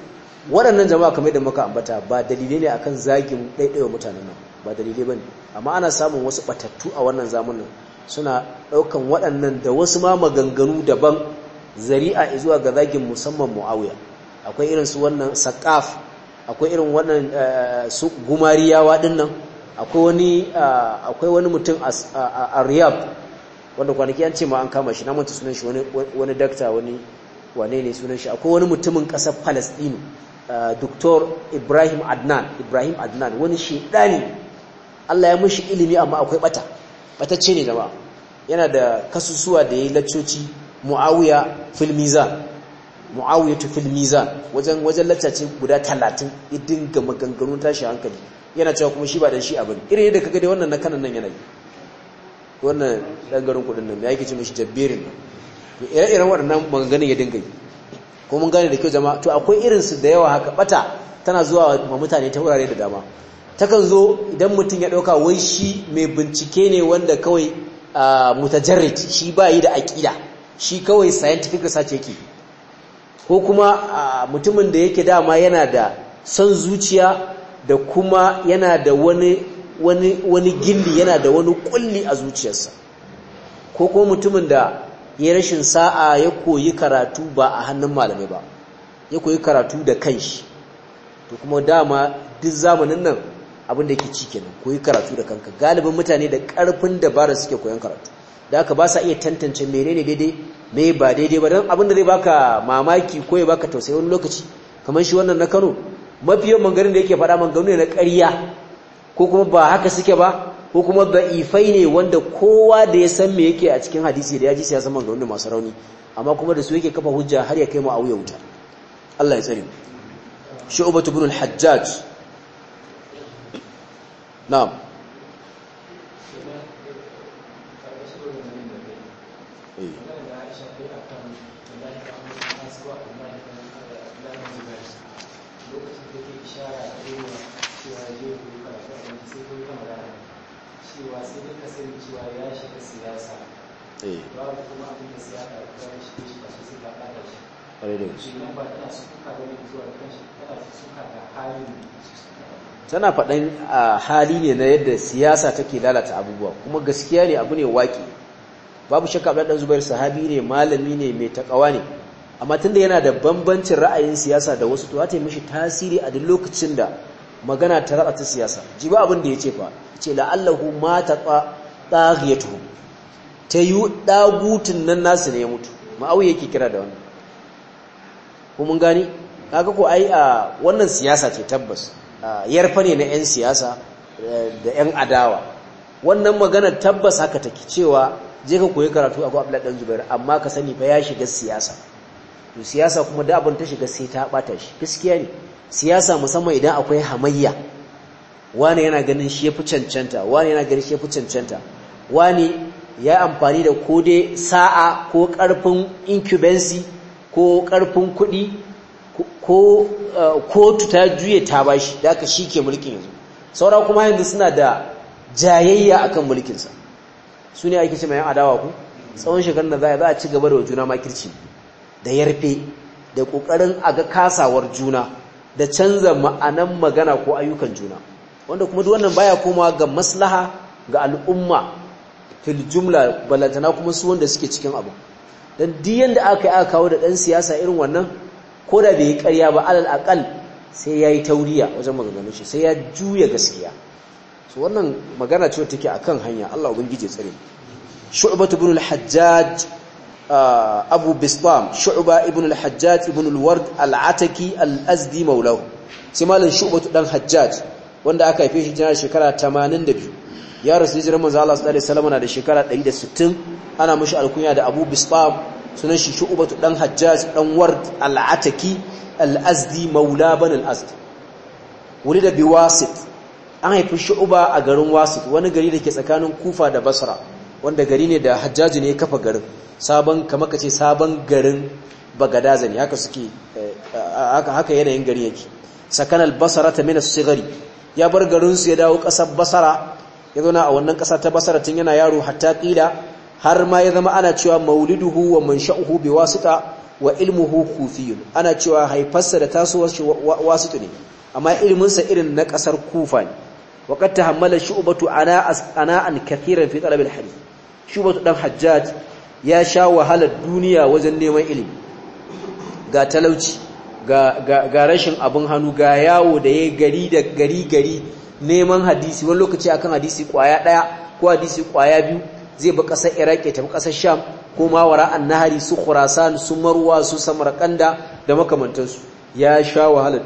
waɗannan jama'a kamar da muka ambata ba dalilai ne akan zagin ɗaiɗaiwa mutanen nan ba dalilai ne amma ana samun wasu batattu a wannan zamanin suna ɗaukan waɗannan da wasu ma maganganu daban zari'a zuwa ga zagin musamman mu'awiya akwai irin su wannan sakaf. akwai irin wannan eh, su gumariyawa dinnan akwai wani eh, akwai wani mutum a riyab wanda kwanaki an ce ma an kama shi na mutu sunan shi wani dakta wani wane ne sunan shi akwai wani mutumin ƙasar palestine eh, doktor ibrahim adnan ibrahim adnan wani shi. shedani allah ya mushi ilimi amma akwai ɓata. batacce ne jama'a yana da kasusuwa da yi laccoci muawiya fil mizan muawiyatu fil mizan wajen wajen laccace guda talatin ya dinga maganganun tashi hankali yana cewa kuma shi ba don shi abin irin yadda kaga dai wannan na kanan nan yana yi wannan dangaren kudin nan ya yake ce shi jabberin nan ire-iren waɗannan maganganun ya dinga yi kuma mun gane da kyau jama'a to akwai irinsu da yawa haka bata tana zuwa ma mutane ta wurare da dama takan zo idan mutum ya ɗauka wai shi mai bincike ne wanda kawai mutajarrit shi ba yi da aƙida shi kawai scientific research yake ko kuma mutumin da yake dama yana da son zuciya da kuma yana da wani wani gilli yana da wani kulli a zuciyarsa ko kuma mutumin da ya rashin sa'a ya koyi karatu ba a hannun malamai ba ya koyi karatu da kanshi to kuma dama duk zamanin nan abin da yake ci kenan koyi karatu da kanka galibin mutane da karfin dabara suke koyon karatu da aka ba sa iya tantance ne daidai me ba daidai ba don abin da zai baka mamaki ko ya baka tausayi wani lokaci kamar shi wannan na Kano mafi yawan mangarin da yake faɗa mangarin ne na ƙarya ko kuma ba haka suke ba ko kuma da'ifai ne wanda kowa da ya san me yake a cikin hadisi da ya ji sai ya san masu rauni amma kuma da su yake kafa hujja har ya kai mu a wuya wuta Allah ya tsare mu Shu'bah ibn al-hajjaj na'am cewa ya shiga siyasa babu kuma abin da siyasa ta kawo shi shi ba shi sai ka kada shi shi nan ba tana suka ga ne zuwa kan suka ga halin tana faɗan hali ne na yadda siyasa take lalata abubuwa kuma gaskiya ne abu ne waƙi babu shakka abdullahi dan zubair sahabi ne malami ne mai takawa ne amma tunda yana da bambancin ra'ayin siyasa da wasu to ta mishi tasiri a duk lokacin da magana ta ratsa ta siyasa ji ba abin da ce fa ce la'allahu ma ta taghiyatuhum tayu gutun nan nasu ne ya mutu ma'awiya yake kira da wannan ko mun gani kaga ko ai a wannan siyasa ce tabbas yarfa ne na 'yan siyasa eh, da 'yan adawa wannan magana tabbas haka take cewa je ka koyi karatu a kwabla Dan zubair amma ka sani fa ya shiga siyasa to siyasa kuma da abin ta shiga sai ta ɓata shi gaskiya ne siyasa musamman idan akwai hamayya wani yana ganin shi ya fi cancanta wani yana ganin shi ya fi cancanta wani ya amfani da ko dai sa'a ko ƙarfin incubancy ko ƙarfin kuɗi ko eh, kotu ta juye ta bashi da aka shi ke mulkin yanzu saura kuma yanzu suna da jayayya akan mulkinsa su ne ake ce mai adawa ku tsawon shekarun da za a ci gaba da juna makirci da yarfe da kokarin a ga kasawar juna da canza ma'anan magana ko ayyukan juna wanda kuma duk wannan baya komawa ga maslaha ga al'umma fil jumla balantana kuma su wanda suke cikin abu dan diyan yanda aka yi aka kawo da ɗan siyasa irin wannan ko da bai yi ƙarya ba alal aqal sai yayi tauriya wajen maganganun shi sai ya juya gaskiya so wannan magana ce take akan hanya Allah ubangije tsare shu'bah ibn al-hajjaj uh, abu bistam shu'bah ibn al-hajjaj ibn al-ward al-ataki al-azdi sai malam shu'bah dan hajjaj wanda aka haife shi jana shekara 82 ya rasu hijiran manzo Allah sallallahu alaihi wasallam na da shekara 160 ana mushi alkunya da abu bistam sunan shi shu'ubatu dan hajjaj dan ward al-ataki al-azdi maula ban al-azd wuri da biwasit an haifi shu'uba a garin wasit wani gari da ke tsakanin kufa da basra wanda gari ne da hajjaji ne kafa garin sabon kamar kace sabon garin bagadaza haka suke eh, haka haka yanayin gari yake sakan al-basra ta min as-sighari ya bar garin su ya dawo kasar basra ya zauna a wannan kasa ta basra tun yana yaro hatta qila har ma ya zama ana cewa mauliduhu wa mansha'uhu bi wasita wa ilmuhu kufiyun ana cewa haifarsa da tasowar shi wasitu ne amma ilminsa irin na kasar kufa ne wa qad tahammala shu'batu ana ana an kathiran fi talab al-hadith shu'batu dan hajjaj ya sha wahalar duniya wajen neman ilimi ga talauci ga ga, rashin abun hannu ga yawo da yayi gari da gari gari neman hadisi wani lokaci akan hadisi kwaya daya ko hadisi kwaya biyu zai bi ƙasar iraq ya tafi ƙasar sham ko ma wara'an nahari su khurasan su marwa su samarkanda da makamantansu ya sha wahalar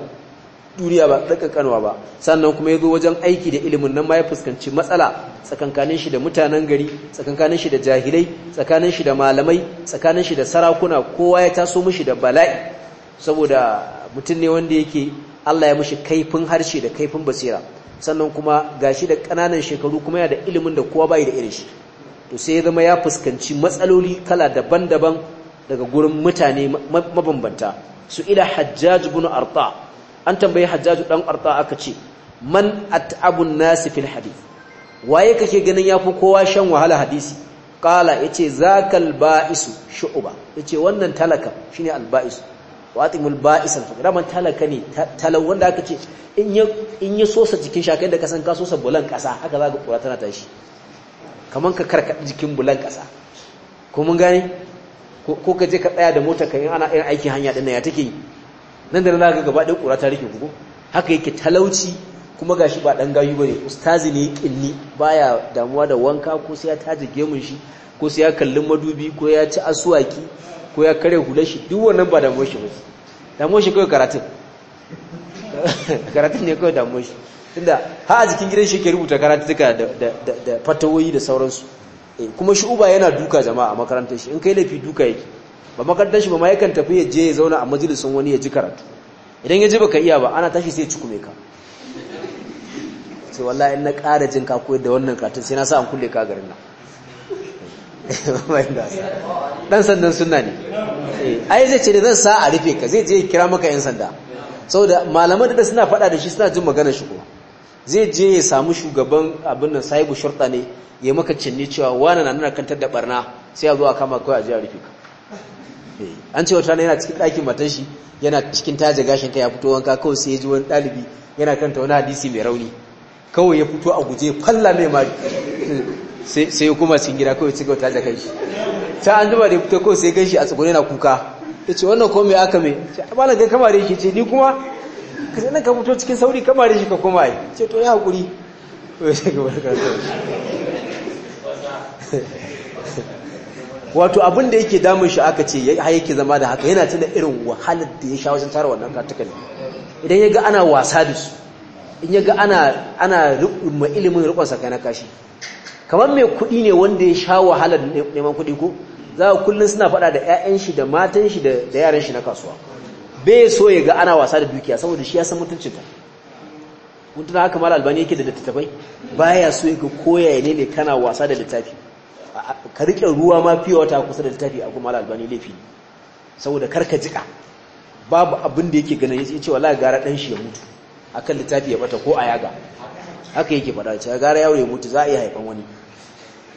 duniya ba kanwa ba sannan kuma ya zo wajen aiki da ilimin nan ma ya fuskanci matsala tsakankanin shi da mutanen gari tsakankanin shi da jahilai tsakanin shi da malamai tsakanin shi da sarakuna kowa ya taso mishi da bala'i saboda mutum ne wanda yake Allah ya mishi kaifin harshe da kaifin basira sannan kuma gashi da ƙananan shekaru kuma yana da ilimin da kowa bai da irin shi to sai ya zama ya fuskanci matsaloli kala daban-daban daga gurin mutane mabambanta su ila hajjaj ibn arta an tambaye hajjaj dan arta aka ce man at'abun nasi fil hadith waye kake ganin yafi kowa shan wahala hadisi kala yace zakal ba'isu shu'ba yace wannan talaka shine al ba'isu watimul ba'is al faqir man talaka ne talau wanda aka ce in ya in ya sosa jikin shakai da kasan ka sosa bulan kasa haka zaka kura tana tashi kamar ka karkaɗi jikin bulan ƙasa ko mun gane ko ka je ka tsaya da motar ka yi, ana irin aikin hanya ɗin na ya take yi nan da na ga gaba ɗin ƙura ta rike kugo haka yake talauci kuma gashi ba ɗan gayu ba ne ustazi ne ƙinni ya damuwa da wanka ko sai ya taji gemun shi ko sai ya kalli madubi ko ya ci asuwaki ko ya kare hular shi duk wannan ba damuwar shi ba damuwar shi kawai karatun karatun ne kawai damuwar shi tunda ha a jikin gidan shi ke rubuta karatuka da da fatawoyi da sauransu eh, kuma shi uba yana duka jama'a a makarantar shi in kai laifi duka yake ba makarantar shi ba ma yakan tafi ya je ya zauna a majalisun wani ya ji karatu idan ya ji baka iya ba ana tashi sai ya cikume ka sai wallahi in na ƙara jin ka koyar da wannan karatun sai na sa an kulle ka garin nan dan sandan sunna ne eh, ai zai ce da zan sa a rufe ka zai je kira maka yan sanda saboda malaman da suna faɗa da shi suna jin maganar shi kuma zai je ya samu shugaban abin nan sahibu shurta ne ya maka cinni cewa wani na nuna kantar da barna sai ya zo a kama kawai a jiya rufe ka eh, an ce wata yana cikin ɗakin matan shi yana cikin taje gashin kai ya fito wanka kawai sai ya ji wani ɗalibi yana kanta wani hadisi mai rauni kawai ya fito a guje falla mai ma sai ya kuma cikin gida kawai cigaba taje kai shi ta an zuba da ya fito kawai sai gan shi a tsakuri na kuka ya ce wannan kome aka mai ba na ga kama da yake ce ni kuma ka nan ka fito cikin sauri ka mare shi ka koma yi ce to ya wato abin da yake damun shi aka ce ya yake zama da haka yana tuna irin wahalar da ya sha wajen tara wannan katukan idan ya ga ana wasa da su in ya ga ana ma ilimin rikon sakana kashi kamar mai kuɗi ne wanda ya sha wahalar neman kuɗi ko za a kullum suna faɗa da 'ya'yan shi da matan shi da yaran shi na kasuwa bai so ya ga ana wasa da dukiya saboda shi ya san mutuncinta mutum haka mara albani yake da littattafai baya so ya ga koyaye ne ne kana wasa da littafi ka riƙe ruwa ma fiye wata kusa da littafi a kuma albani laifi saboda karka jika babu abin da yake ganin ya wala gara ɗan shi ya mutu akan littafi ya bata ko a yaga haka yake faɗa cewa gara yaro ya mutu za a iya haifan wani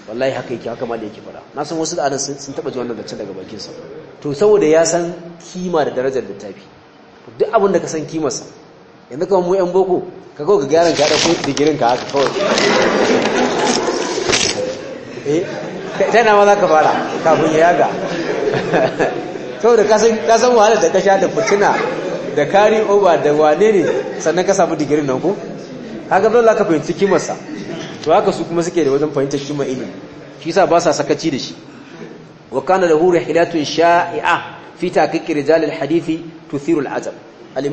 wallahi haka yake haka ma da yake faɗa na san wasu da sun taba ji wannan da can daga bakinsa to saboda ya san kima da darajar littafi duk abin da ka san kimarsa yanzu kawai mu yan boko ka kawo ka gyaran ka ɗauko digirin ka haka kawai eh tana ma za ka fara kafin ya yaga saboda ka san wahala da ka sha da fitina da kari oba da wane ne sannan ka samu digirin nan ko haka dole ka fahimci kimarsa to haka su kuma suke da wajen fahimtar kimar ilimi shi sa ba sa sakaci da shi wa kana lahu sha'i'a fi taqiq rijal al-hadith tuthiru al-ajab al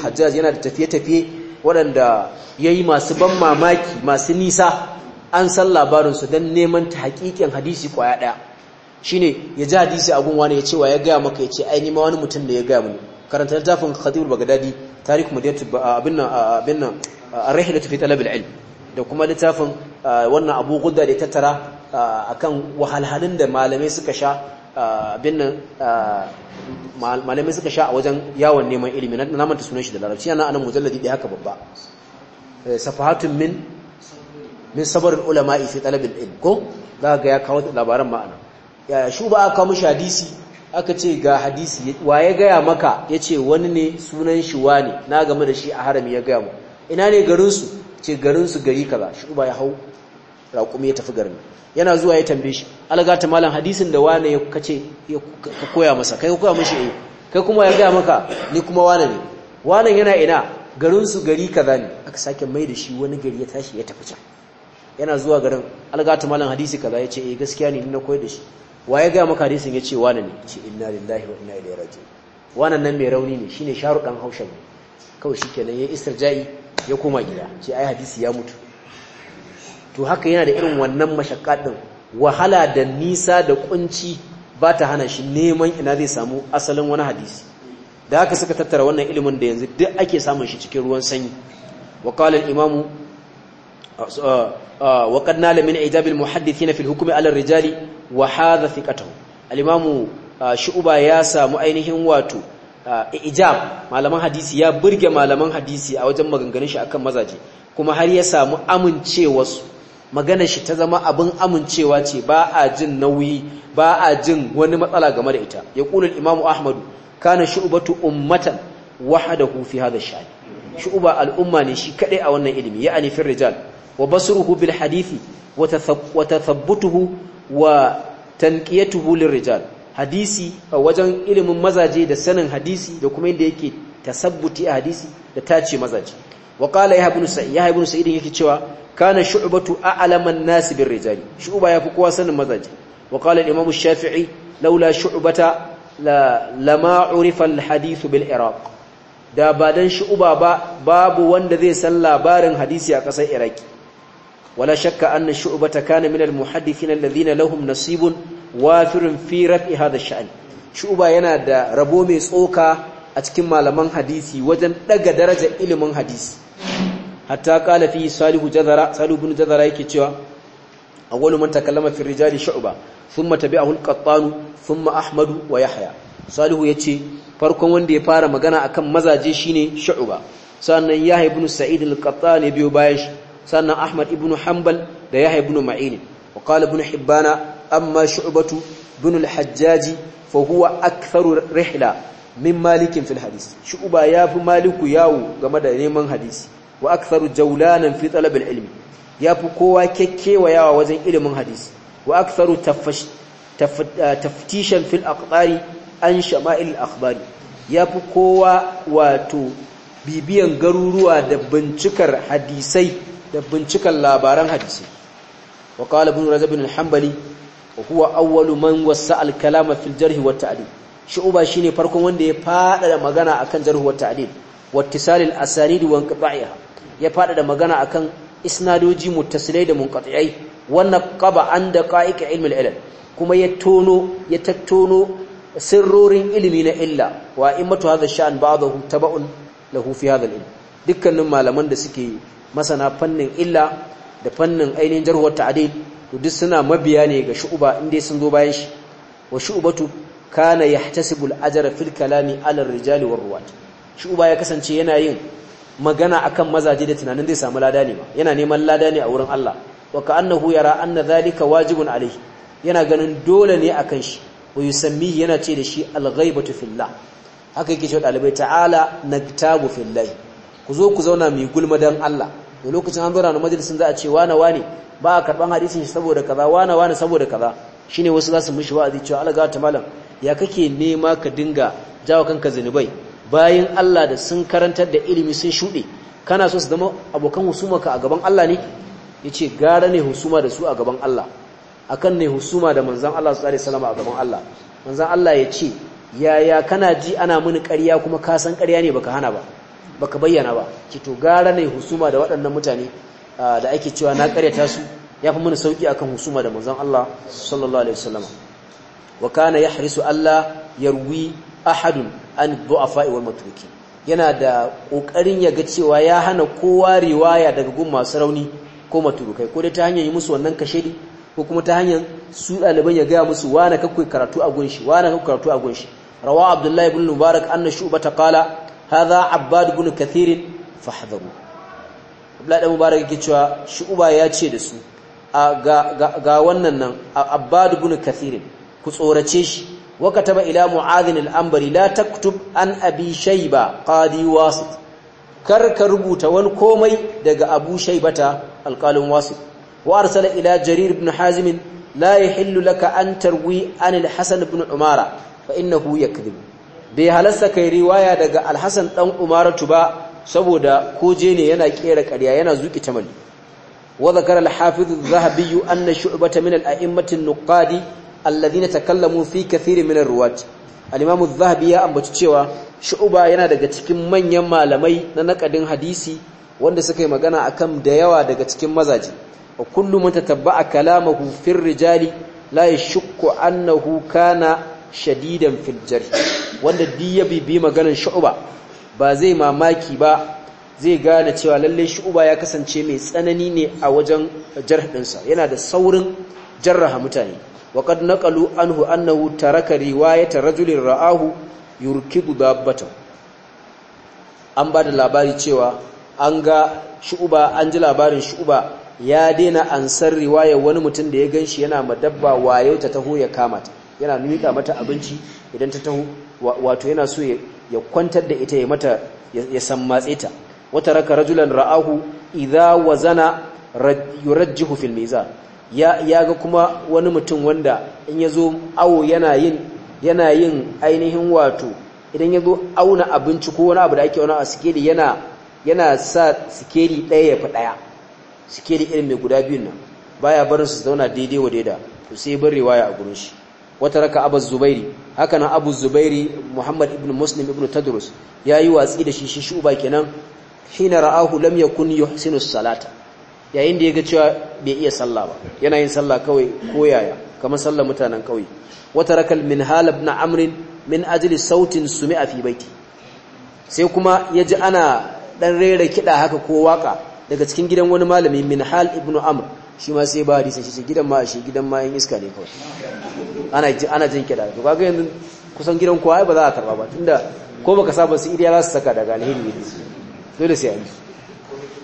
hajjaj yana da tafiye-tafiye waɗanda yayi masu ban mamaki masu nisa an san labarin su dan neman ta hakikin hadisi kwaya daya shine ya ji hadisi a wani ya ce wa ya gaya maka ya ce ai ma wani mutum da ya gaya mini karanta littafin khatibul bagdadi tarikh madinatu abin nan abin nan ar-rihlatu fi talab al-ilm da kuma littafin wannan abu gudda da ya tattara akan wahalhalun da malamai suka sha abin malamai suka sha a wajen yawon neman ilimi na namanta sunan shi da larabci yana anan mujalladi ɗaya haka babba safahatun min min sabarin ulama'i fi talabin ilm ko za ga ya kawo labaran ma'ana shu ba aka mushi hadisi aka ce ga hadisi wa ya gaya maka ya ce wani ne sunan shi wa ne na game da shi a harami ya gaya mu ina ne garinsu ce garinsu gari kaza shu ba ya hau raƙumi ya tafi garin yana zuwa ya tambaye shi algata malam hadisin da wane ya kace ka koya masa kai ka koya mishi eh kai kuma ya ga maka ni kuma wane ne wannan yana ina garin su gari kaza ne aka sake mai da shi wani gari ya tashi ya tafi can yana zuwa garin algata malam hadisi kaza yace eh gaskiya ne ni na koyar da shi wa ya ga maka hadisin yace wane ne yace inna lillahi wa inna ilaihi raji wannan nan mai rauni ne shine sharudan haushin ne kawai shikenan isar istirja'i ya koma gida ce ai hadisi ya mutu to haka yana da irin wannan mashakadin wahala da nisa da kunci ba ta hana shi neman ina zai samu asalin wani hadisi da haka suka tattara wannan ilimin da yanzu duk ake samun shi cikin ruwan sanyi wa qala al-imamu wa qad nala min ijab al-muhaddithina fi al-hukm ala ar-rijali wa hadha thiqatuhu al-imamu shu'ba ya samu ainihin wato ijab malaman hadisi ya burge malaman hadisi a wajen maganganun shi akan mazaje kuma har ya samu amincewarsu magana shi ta zama abin amincewa ce ba a jin nauyi ba a jin wani matsala game da ita ya kulul imamu ahmadu kana shu'batu ummatan wahdahu fi hadha ash-sha'n shu'ba al ne shi kadai a wannan ilimi ya ani fir rijal wa basruhu bil hadithi wa tathabbutuhu wa tanqiyatuhu lir rijal hadisi a wajen ilimin mazaje da sanin hadisi da kuma inda yake tasabbuti a hadisi da tace mazaje wa qala yahya ibn sa'id yahya ibn sa'id yake cewa kana shu'batu a'lamu an-nas bir-rijal shu'ba yafi kowa sanin mazaji wa qala al-imam ash-shafi'i laula shu'bata lama urifa al-hadith bil-iraq da ba dan shu'ba ba babu wanda zai san labarin hadisi a kasar iraq wala shakka anna shu'bata kana min al-muhaddithin alladhina lahum nasibun wafirin fi raf'i hadha ash shu'ba yana da rabo mai tsoka a cikin malaman hadisi wajen daga darajar ilimin hadisi hatta qala fi salihu jazara salihu ibn jazara yake cewa awwalu man takallama fi rijali shu'ba thumma tabi'ahu al-qattan thumma ahmad wa yahya salihu yace farkon wanda ya fara magana akan mazaje shine shu'ba sannan yahya ibn sa'id al-qattan ya biyo bayan sannan ahmad ibn hanbal da yahya ibn ma'in wa qala ibn hibbana amma shu'batu ibn al-hajjaji fa huwa aktharu rihla min malikin fil Shu'ba shu'ba fi maliku yawo game da neman hadisi wa aktharu jawlanan fi talab al-ilmi yafi kowa kekkewayawa wajen ilimin hadisi wa aktharu eh, taftishan fil aqdari an shama'il al-akhbari yafi kowa wato bibiyan garuruwa da bincikar hadisai da bincikan labaran hadisai wa qala ibn razab bin al-hanbali huwa awwalu man wasa al-kalama fil jarh wa ta'dil shu'ba shine farkon wanda ya fada magana akan jarh wa ta'dil wa ittisal al-asanid wa inqita'iha ya fada da magana akan isnadoji muttasilai da munqati'ai wannan qaba an da qa'iqa ilmi al kuma ya tono ya tattono sirrorin ilimi na illa wa immatu haza sha'an ba'dahu taba'un da fi hadha al dukkanin malaman da suke masana fannin illa da fannin ainihin jarhuwar ta'dil to duk suna mabiya ne ga shu'uba inda sun zo bayan shi wa shu'ubatu kana ya al-ajra fil kalami ala ar-rijali war shu'uba ya kasance yana yin magana akan mazaje da tunanin zai samu lada ne ba yana neman lada ne a wurin Allah wa ka annahu yara anna zalika wajibun alayhi yana ganin dole ne akan shi wa yusammi yana ce da shi al fillah haka yake cewa dalibai ta'ala na naktabu fillah ku zo ku zauna mu gulma dan Allah da lokacin an zauna majalisin za a ce wana wane ba a karban hadisin shi saboda kaza wana wane saboda kaza shine wasu za su mishi wa'azi cewa Allah ga ta malam ya kake nema ka dinga jawo kanka zanubai Bayan Allah da sun karantar da ilimi sun shuɗe kana so su zama abokan ka a gaban Allah ne ce, gara ne husuma da su a gaban Allah akan ne husuma da Manzan Allah su tsari salama a gaban Allah Manzan Allah ya ce, yaya kana ji ana mini karya kuma ka san ƙarya ne baka hana ba baka bayyana ba ki to gara ne husuma da waɗannan mutane da ake cewa na ƙaryata su fi mini sauki akan husuma da Manzan Allah sallallahu alaihi wasallam wa kana yahrisu Allah yarwi ahadun an du'afa wal matruki yana da kokarin ya ga cewa ya hana kowa riwaya daga gun masu rauni ko maturukai ko dai ta hanyar yi musu wannan ne ko kuma ta hanyar su ɗaliban ya gaya musu wane kakwai karatu a gunshi wane kakwai karatu a gunshi rawa abdullahi ibn mubarak anna ha za a abbad gunu kathirin fahadaru abdullahi mubarak yake cewa shu'ba ya ce da su ga wannan nan abad gunu kathirin ku tsorace shi wa taba ila mu'adhin al la taktub an abi shayba qadi wasit kar ka rubuta wani komai daga abu shaybata alqalin wasit wa arsala ila jarir ibn hazim la yahillu laka an tarwi an al-hasan ibn umara fa innahu yakdhib bai halasta kai riwaya daga al-hasan dan umaratu ba saboda ko ne yana kera karya yana zuki tamali wa zakara al-hafiz az-zahabi anna shu'bata min al-a'immatin nuqadi alladhina takallamu fi kathirin min ar-ruwat al-imam adh-dhahabi ya ambaci cewa shu'ba yana daga cikin manyan malamai na naqadin hadisi wanda suka yi magana akan da yawa daga cikin mazaji wa kullu man tatabba'a kalamahu fi rijali la yashukku annahu kana shadidan fil jarh wanda diya bibi maganar shu'ba ba zai mamaki ba zai gane cewa lalle shu'ba ya kasance mai tsanani ne a wajen jarh dinsa yana da saurin jarraha mutane وقد نقلوا عنه انه ترك روايه رجل راه يركض دابته an ba da labari cewa an ga shu'uba an ji labarin shu'uba ya daina ansar riwaya wani mutum da ya gan shi yana madabba wayo ta taho ya kamata yana miƙa mata abinci idan ta taho wato yana so ya kwantar da ita ya mata ya sammatse ta wata raka rajulan ra'ahu idha wazana yurajjihu fil mizan ya ga kuma wani mutum wanda in ya zo awo yana yin ainihin wato idan ya zo auna abinci ko wani abu da ake wani a sikeli yana sa sikeli ɗaya ya fi ɗaya sikeli irin mai guda biyun nan baya barin su zauna daidai wa daida to sai bar riwaya a gurin shi wata raka abu zubairi haka nan abu zubairi muhammad ibn muslim ibn tadrus ya yi watsi da shi shi uba kenan hina ra'ahu lam yakun yuhsinu salata yayin da ya ga cewa bai iya sallah ba yana yin salla kawai ko yaya kamar sallar mutanen kauye wata rakal min halab na amrin min ajli sautin sumi a fi baiti sai kuma ya ji ana dan rera kiɗa haka ko waka daga cikin gidan wani malami min hal ibnu amr shi ma sai ba hadisi shi gidan ma shi gidan ma yin iska ne kawai ana ana jin kiɗa to kaga yanzu kusan gidan kowa ba za a karba ba tunda ko baka saba su idiya za su saka daga alheri dole sai a yi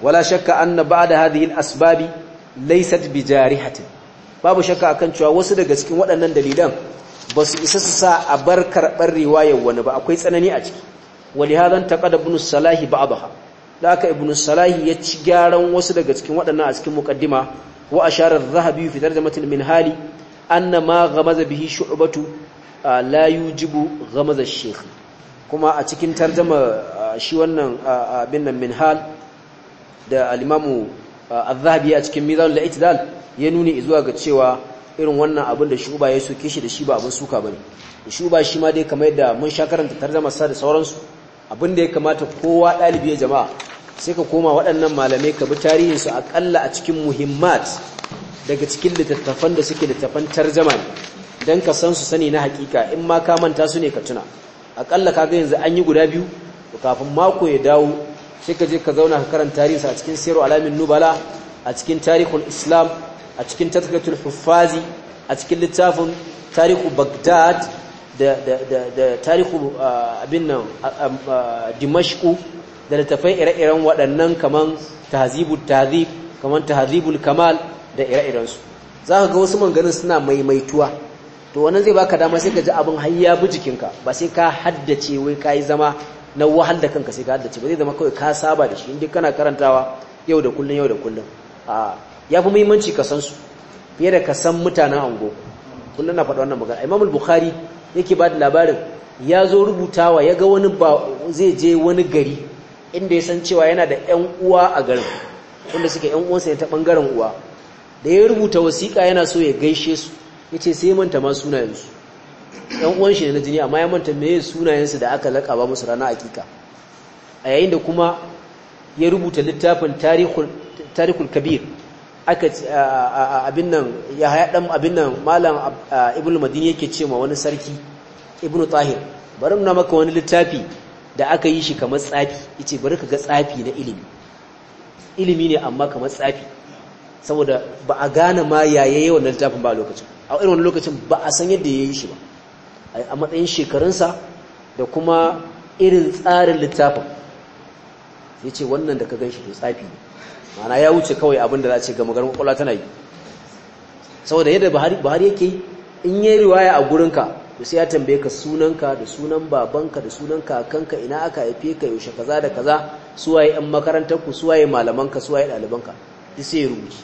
wala shakka anna ba'da hadhihi al-asbabi laysat bijarihatin babu shakka akan cewa wasu daga cikin waɗannan dalilan ba su isa su sa a bar karɓar riwayar wani ba akwai tsanani a ciki wali hadan taqada ibn salahi ba'daha da aka ibn salahi ya ci gyaran wasu daga cikin waɗannan a cikin muqaddima wa ashara adh fitar fi tarjamatil minhali anna ma ghamaza bihi shu'batu la yujibu ghamaza ash-shaykh kuma a cikin tarjama shi wannan abin nan minhal da al uh, zahabi a cikin mizanul i'tidal ya nuni zuwa ga cewa irin wannan abin da shuba ya soke shi da shi ba abin suka bane shuba shi ma dai kamar yadda mun sha karanta tarjama sa da sauransu abin da ya kamata kowa dalibi ya jama'a sai ka koma waɗannan malamai ka bi tarihin su akalla a cikin muhimmat daga cikin littattafan da suke littattafan tarjuma dan ka san su sani na hakika in ma ka manta su ne ka tuna akalla kaga yanzu an yi guda biyu kafin mako ya dawo sai ka je ka zauna ka karanta tarihinsa a cikin siru alamin nubala a cikin tarihul islam a cikin tazkatul huffazi a cikin littafin tarihu bagdad da da da da tarihu abin nan dimashku da littafai ire-iren waɗannan kaman tahzibul tahzib kaman tahzibul kamal da ire-irensu za ka ga wasu manganin suna maimaituwa to wannan zai baka dama sai ka ji abin har ya bi jikinka ba sai ka haddace wai ka yi zama na wahal da kanka sai ka haddace ba zai zama kawai ka saba da shi inda kana karantawa yau da kullun yau da kullun a fi muhimmanci ka san su fiye da ka san mutanen ango kullun na faɗa wannan magana Imam al-Bukhari yake ba da labarin ya zo rubutawa ya ga wani ba zai je wani gari inda ya san cewa yana da ƴan uwa a garin wanda suke ƴan uwansa ne ta bangaren uwa da ya rubuta wasiƙa yana so ya gaishe su yace sai manta ma suna sunayensu yan uwan shi na jini amma ya manta meye sunayensu da aka lakaba musu rana akika a yayin da kuma ya rubuta littafin tarihul kabir aka abin nan ya haya abin nan malam ibn madini yake cewa wani sarki Ibn tahir bari nuna maka wani littafi da aka yi shi kamar tsafi yace bari ka ga tsafi na ilimi ilimi ne amma kamar tsafi saboda ba a gane ma yayaye wannan littafin ba lokacin a irin wannan lokacin ba a san yadda ya yi shi ba a matsayin shekarunsa da kuma irin tsarin littafin ya ce wannan da ka gan shi to tsafi mana ya wuce kawai abin da za a ce gama garin kwakwalwa tana yi saboda yadda buhari yake in yi riwaya a gurinka da sai ya tambaye ka sunanka da sunan babanka da sunan kakanka ina aka haife ka yaushe kaza da kaza suwaye yan makarantarku suwaye malamanka suwaye ɗalibanka duk sai ya rubuci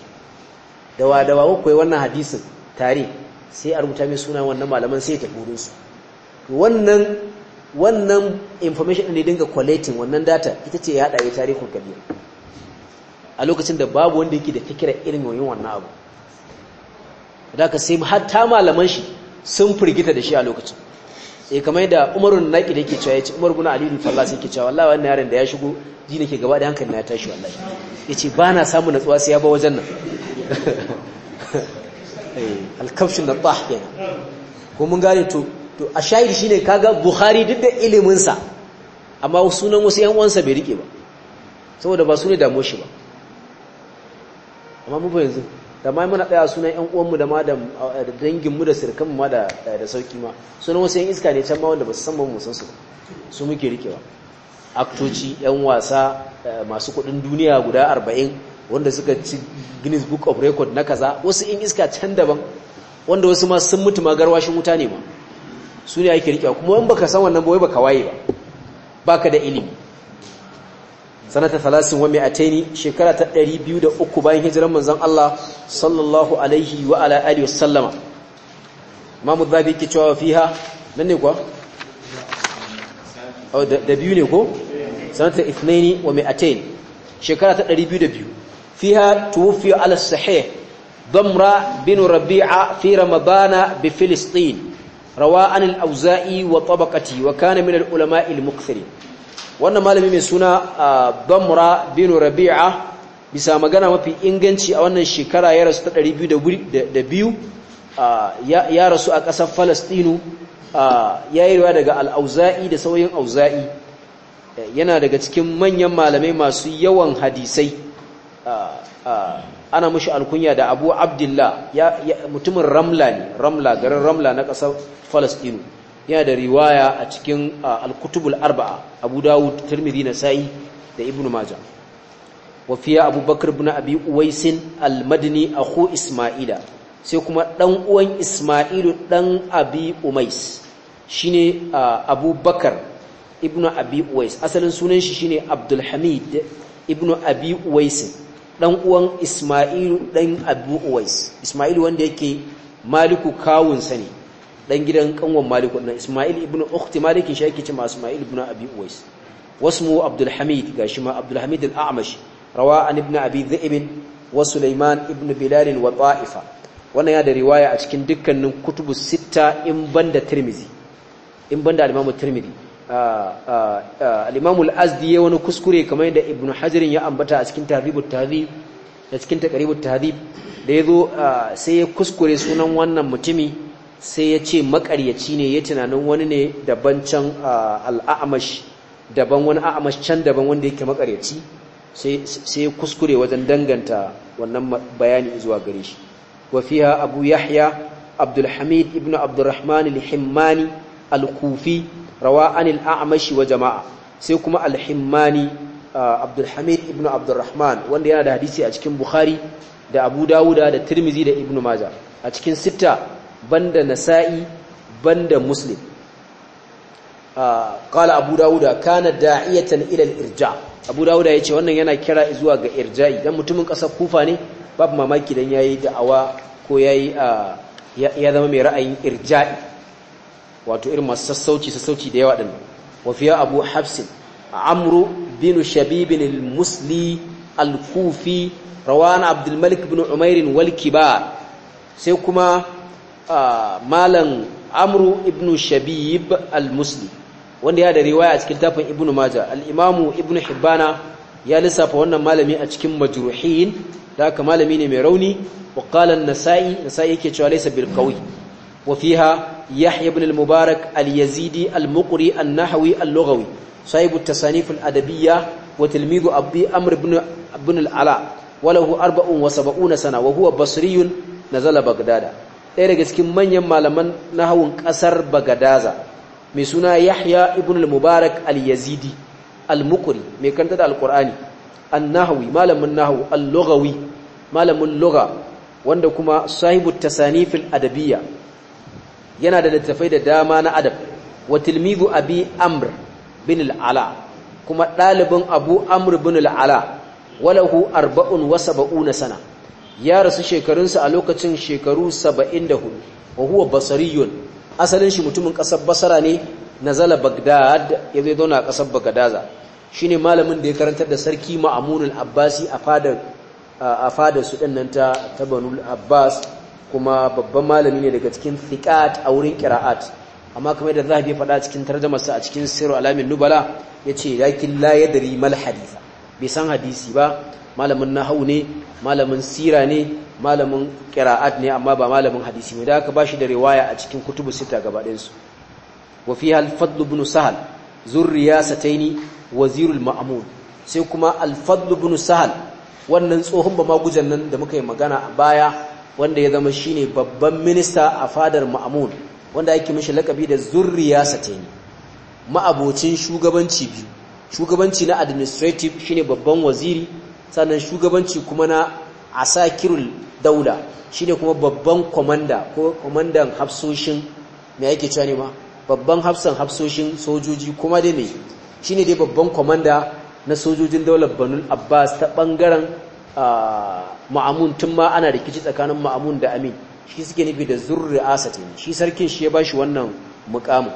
dawa dawa kuwa wannan hadisin tare sai a rubuta mai suna wannan malaman sai ta gurin su wannan wannan information ne dinga collecting wannan data ita ce ya haɗa ya tarihin kabila a lokacin da babu wanda yake da fikira irin yoyin wannan abu da ka sai hatta malaman shi sun firgita da shi a lokacin sai eh, kamar yadda Umarun naƙi da yake cewa ya yace Umar guna Ali falla sai yake cewa wallawa wannan yaron da ya shigo ji ke gaba da hankali na ya tashi wallahi ce ba na samu natsuwa sai ya ba wajen nan Eh, alkafshin da bah kenan ko mun gane to to a shahidi shine kaga bukhari duk da ilimin sa amma sunan wasu yan uwansa bai rike ba saboda ba su ne damo shi ba amma mu yanzu da ma muna daya sunan yan uwanmu da ma da dangin eh, mu da sirkan mu ma da da sauki ma sunan wasu yan iska ne can ma wanda ba su san mu san su su muke rikewa aktoci yan wasa eh, masu kudin duniya guda 40 wanda suka ci Guinness Book of Record na kaza wasu in iska can daban wanda wasu ma sun mutu ma garwashin wuta ne ma su ne ake rikewa kuma ba ka san wannan ba wai baka waye ba ka da ilimi sanata falasin wa mi'ataini shekara ta 203 bayan hijiran manzon Allah sallallahu alaihi wa ala alihi wasallama Imam Dhabi ke cewa fiha nan ne kuwa oh, da biyu ne ko sanata 2 wa mi'ataini shekara ta 202 fiha tuwfi ala sahih damra bin rabi'a fi ramadana bi filistin rawa an al-auza'i wa tabaqati wa kana min ulama al-mukthiri wannan malami mai suna damra bin rabi'a bisa magana mafi inganci a wannan shekara ya rasu ta 202 ya rasu a ƙasar falastinu ya yi ruwa daga al'auza'i da sauyin auza'i yana daga cikin manyan malamai masu yawan hadisai ana mushi alkunya da abu abdullah mutumin ramla ne ramla garin ramla na ƙasar falastinu yana da riwaya a cikin alkutubul arba'a abu dawud tirmidhi na sa'i da ibn maja wafiya abu abubakar bin abi uwaisin almadini akhu isma'ila sai kuma ɗan uwan isma'ilu ɗan abi umais shine abubakar ibn abi uwais asalin sunan shi shine ne abdulhamid ibnu abi uwaisin dan uwan Isma'il dan Abu Uwais Isma'il wanda yake Maliku kawun sani dan gidan kanwan Maliku dan Isma'il ibn Ukhti Malik shi yake cewa Isma'il ibn Abi Uwais wasmu Abdul Hamid gashi ma Abdul Hamid amash rawa an ibn Abi Dhi'b wa Suleiman ibn Bilal wa Ta'ifa wannan ya da riwaya a cikin dukkanin kutubu sitta in banda Tirmidhi in banda al-Imam ya wani kuskure kamar da Ibn Hajar ya ambata a cikin Tahribut Tahdhib da cikin zo Tahdhib da yazo sai ya kuskure sunan wannan mutumi sai ya ce makaryaci ne ya tunanin wani ne daban can al daban wani A'mash can daban wanda yake makaryaci sai ya kuskure wajen danganta wannan bayani zuwa gare shi wa Abu Yahya Abdul Hamid ibn Abdurrahman al-Himmani al-Kufi rawa anil a'mashi wa jama'a sai kuma al-himmani uh, abdulhamid ibn abdurrahman wanda yana da hadisi a cikin bukhari da abu dawuda da tirmizi da ibn maja a cikin sitta banda nasa'i banda muslim uh, qala abu dawuda kana da'iyatan ila al-irja abu dawuda yace wannan yana kira zuwa ga irja'i dan mutumin kasar kufa ne babu mamaki dan yayi da'awa ko yayi uh, ya zama mai ra'ayin irja'i wato irin masu sassauci sassauci da yawa din wa abu hafsin amru bin shabib al-musli al-kufi rawan abdul malik bin umair wal kibar sai kuma malam amru ibnu shabib al-musli wanda ya da riwaya a cikin tafin ibnu maja al-imamu ibnu hibbana ya lissafa wannan malami a cikin majruhin da haka malami ne mai rauni wa qala an-nasa'i nasa'i yake cewa laysa bil qawi وفيها يحيى بن المبارك اليزيدي المقري النحوي اللغوي صاحب التصانيف الأدبية وتلميذ أبي أمر بن, بن العلاء وله أربع وسبعون سنة وهو بصري نزل بغداد ɗaya daga cikin manyan malaman nahawun ƙasar bagadaza mai suna yahya ibn al-mubarak al-yazidi al-mukuri mai kanta da al-qur'ani al nahawi malamin nahawu al-lughawi malamin lugha wanda kuma sahibu tasanifil adabiyya yana da littafai da dama na adab wa tilmidhu abi amr bin al-ala kuma dalibin abu amr bin al-ala walahu 74 sana ya rasu shekarunsa a lokacin shekaru 74 wa huwa basariyun asalin shi mutumin kasar basara ne nazala bagdad ya zai zauna a kasar bagdaza shine malamin da ya karantar da sarki ma'amunul abbasi a fadar a fadar su dinnan ta tabanul abbas kuma babban malami ne daga cikin thiqat a wurin qira'at amma kamar da zahabi ya faɗa cikin tarjumarsa a cikin sirru alamin nubala yace lakin la yadri mal haditha bai san hadisi ba malamin nahau ne malamin sira ne malamin qira'at ne amma ba malamin hadisi ne da aka bashi da riwaya a cikin kutubu sita gaba ɗayan su wa fiha al-fadl ibn zurriyasataini wazirul ma'mun sai kuma al-fadl ibn sahal wannan tsohon ba magujan nan da muka yi magana a baya wanda ya zama shine babban minista a fadar ma'amun wanda ake mashi lakabi da zurriya satani ma'abocin shugabanci biyu shugabanci na administrative shine babban waziri sannan shugabanci kuma na asakirul daula shine kuma babban komanda ko komandan hafsoshin me yake cewa ne ma babban hafsan hafsoshin sojoji kuma dai me shine dai babban kwamanda na sojojin daular Banul Abbas ta bangaren ma'amun tun ma ana rikici tsakanin ma'amun da amin shi suke nufi da zurri zurri'asati shi sarkin shi ya ba shi wannan mukamin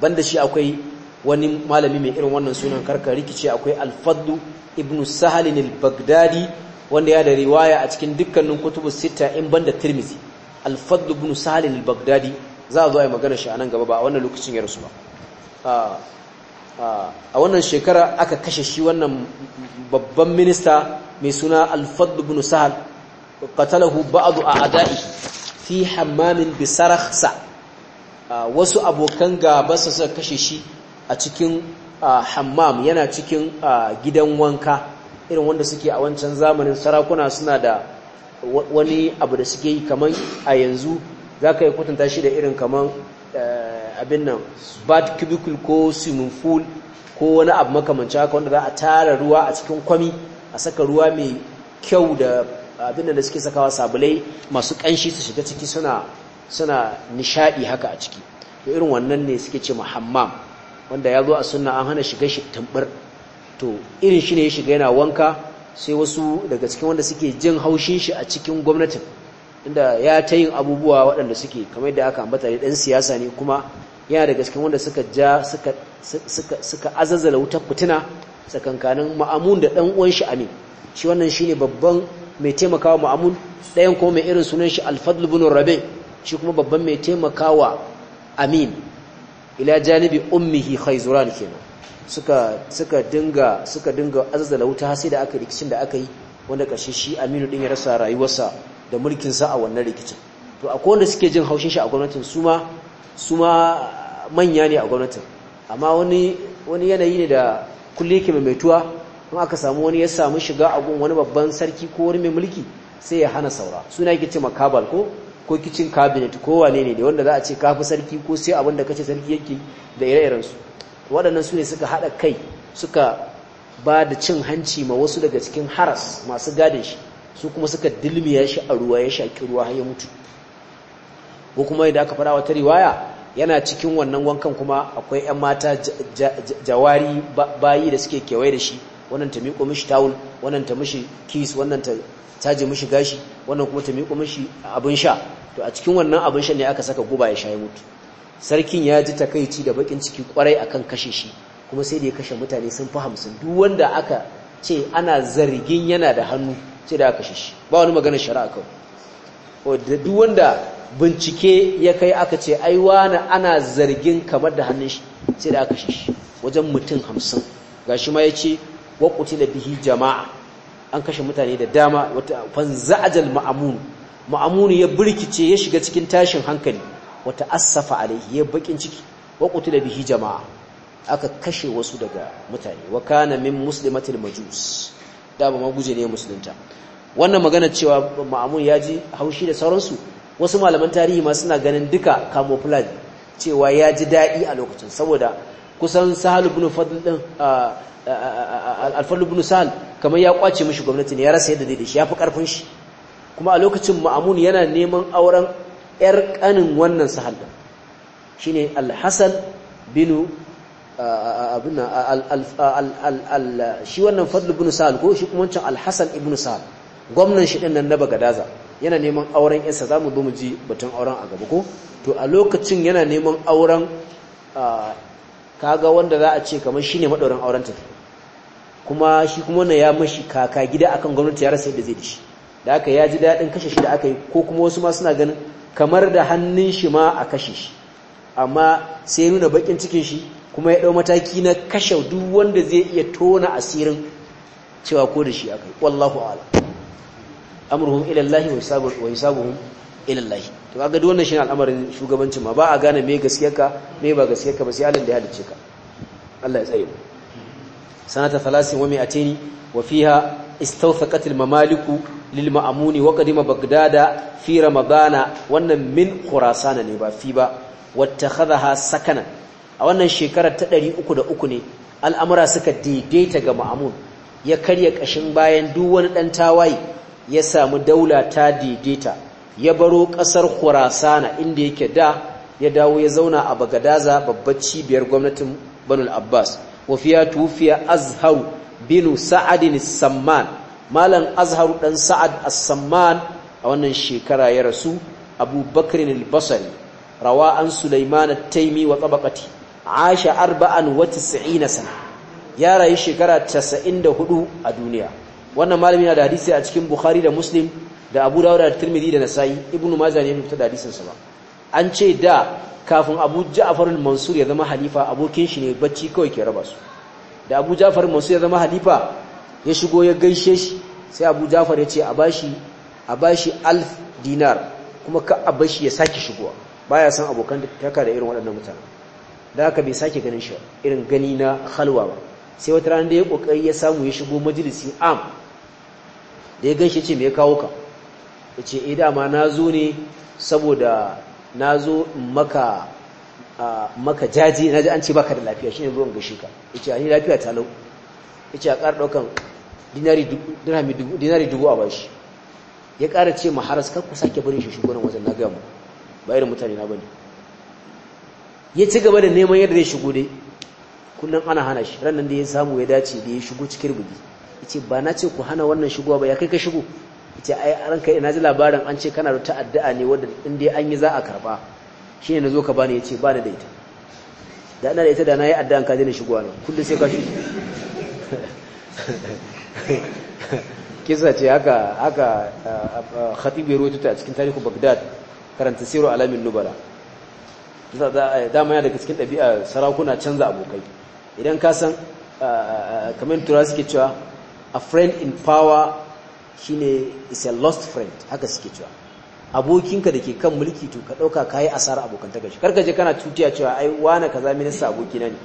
banda shi akwai wani malami mai irin wannan sunan karka rikici akwai alfadlu ibnu sahalin al-baghdadi wanda ya da riwaya a cikin dukkanin kutubu sita in banda tirmizi alfadu ibnu sahalin al-baghdadi za a zo a yi magana shi a nan gaba ba a wannan lokacin ya rasu ba a wannan shekara aka kashe shi wannan babban minista mai suna alfadlu bin sahal ba'adu a adai fi hammamin bisararsa. wasu abokan gaba suka kashe shi a cikin hammam yana cikin gidan wanka irin wanda suke a wancan zamanin sarakuna suna da wani abu da suke yi kaman a yanzu za ka yi kwatanta shi da irin kaman abin nan bat cubicle ko swimming pool ko wani abu makamanci haka wanda za a tara ruwa a cikin kwami a saka ruwa mai kyau da abin da suke sakawa sabulai masu kanshi su shiga ciki suna suna nishadi haka a ciki to irin wannan ne suke ce muhammam wanda ya zo a sunna an hana shiga shi tambar to irin shi ne ya shiga yana wanka sai wasu daga cikin wanda suke jin haushin shi a cikin gwamnatin inda ya ta yin abubuwa waɗanda suke kamar yadda aka ambata ne ɗan siyasa ne kuma yana da gaskin wanda suka ja suka suka suka azazzala wutar fitina tsakankanin ma'amun da ɗan uwan shi amin shi wannan babban mai taimakawa ma'amun ɗayan kuma mai irin sunan shi alfadl ibn shi kuma babban mai taimakawa amin ila janibi ummihi khayzuran kenan suka suka dinga suka dinga azazzala wuta sai da aka rikicin da aka yi wanda ƙarshe shi aminu ɗin ya rasa rayuwarsa da mulkin sa a wannan rikicin to akwai wanda suke jin haushin shi a gwamnatin su ma su ma manya ne a gwamnatin amma wani wani yanayi ne da kulle yake maimaituwa in aka samu wani ya samu shiga a gun wani babban sarki ko wani mai mulki sai ya hana saura suna yake ce makabal ko ko kicin cabinet ko wane ne wanda za a ce kafi sarki ko sai abin da kace sarki yake da ire-iren su waɗannan su ne suka haɗa kai suka ba da cin hanci ma wasu daga cikin haras masu gadin shi su kuma suka dilmiya shi a ruwa ya shaki ruwa ya mutu ko kuma idan aka fara wata riwaya yana cikin wannan wankan kuma akwai 'yan mata jawari bayi da suke kewaye da shi wannan ta miƙo mishi tawul wannan ta mishi kis wannan ta taje mishi gashi wannan kuma ta miƙo mishi abin sha to a cikin wannan abin sha ne aka saka guba ya sha ya mutu sarkin ya ji takaici da bakin ciki kwarai akan kashe shi kuma sai da ya kashe mutane sun fi hamsin duk wanda aka ce ana zargin yana da hannu sai da aka shi ba wani magana shari'a kawai da duk wanda bincike ya kai aka ce aiwa na ana zargin kamar da hannun shi sai da aka shi wajen mutum hamsin shi ma ya ce waƙuti da bihi jama'a an kashe mutane da dama wata fanza'ajal ma'amunu ma'amunu ya birkice ya shiga cikin tashin hankali wata asafa alaihi ya bakin ciki waƙuti da bihi jama'a aka kashe wasu daga mutane wa kana min muslimatil majus Dama ba guje ne musulunta wannan magana cewa ma'amun ya ji haushi da sauransu wasu malaman tarihi ma suna ganin duka camouflage cewa ya ji daɗi a lokacin saboda kusan sahal bin kamar ya kwace mashi gwamnati ne ya rasa yadda daidai shi ya fi karfin shi kuma a lokacin ma'amun yana neman auren yar kanin wannan sahal da shi ne Alhassan bin al shi wannan sahal ko shi kuma wancan Alhassan ibn sahal gwamnan shi ɗin nan na Bagadaza yana neman auren yarsa zamu zo mu ji batun auren a gaba ko to a lokacin yana neman auren kaga wanda za a ce kamar shine maɗaurin auren ta kuma shi kuma na ya mashi kaka gida akan gwamnati ya rasa yadda zai dishi da aka ya ji daɗin kashe shi da aka yi ko kuma wasu ma suna ganin kamar da hannun shi ma a kashe shi amma sai ya nuna bakin cikin shi kuma ya ɗau mataki na kashe duk wanda zai iya tona asirin cewa ko da shi yi wallahu a'lam amruhum ilallahi, wa hisabuhum ila Allah to kaga duk wannan shine al'amarin shugabancin ma ba a gane me gaskiyarka me ba gaskiyarka ba sai Allah da ya halice ka Allah ya tsare mu sanata 30 wa mi'atini wa fiha استوثقت الممالك للمأمون وقدم بغداد في رمضان wannan min khurasan ne ba fi ba wattakhadha sakana a wannan shekarar ta 303 ne al'amura suka daidaita ga ma'amun ya karya kashin bayan duk wani dan tawayi ya samu daula ta daidaita ya baro ƙasar khurasana inda yake da ya dawo ya zauna a bagadaza babbar cibiyar gwamnatin banul abbas wafiya tufiya azharu binu sa'adin samman malam azharu dan sa'ad as-samman a wannan shekara ya rasu abubakar al rawa an sulaiman taimi wa tabaqati asha arba'an wata sa'ina sana ya rayu shekara 94 a duniya wannan malami yana da hadisi a cikin bukhari da muslim da abu dawo da tirmidhi da nasa'i ibnu maza ne fita da hadisinsa ba an ce da kafin abu ja'far al-mansur ya zama halifa abokin shi ne bacci kawai ke raba su da abu ja'far al-mansur ya zama halifa ya shigo ya gaishe shi sai abu ja'far ya ce a bashi a bashi alf dinar kuma ka a bashi ya sake shigowa baya san abokan da taka da irin waɗannan mutane da haka bai sake ganin shi irin gani na halwa ba sai wata rana da ya kokari ya samu ya shigo majalisi am da ya ganshi ce me ya kawo ka ce eh dama na zo ne saboda na zo maka maka jaji na ji an ce baka da lafiya shine ruwan gashi ka a ni lafiya ta lau ce a ƙara daukan dinari dubu a bashi ya ƙara ce ma haras kan ku sake barin shi shigo nan wajen na gaya mu bayar mutane na bane ya ci gaba da neman yadda zai shigo dai kullum ana hana shi ranar da ya samu ya dace da ya shigo cikin rububi yace ba na ce ku hana wannan shigowa ba ya kai ka shigo yace ai ranka ina ji labarin an ce kana da ta'addu'a ne wanda in dai an yi za a karba shine nazo ka bani yace ba ni da ita da ina da ita da na yi addu'an ka daina shigowa ne kullum sai ka shi kisa ce haka haka khatib ya rawaito ta cikin tarihi Baghdad karanta siru alamin nubala dama yana daga cikin ɗabi'a sarakuna canza abokai idan ka san ah, ah, ah, kamar tura suke cewa a friend in power shine is a lost friend haka suke cewa abokinka da ke kan mulki to ka ɗauka ka yi asara abokantaka shi karkace kana tutiya cewa ai wane kaza minista abokina ne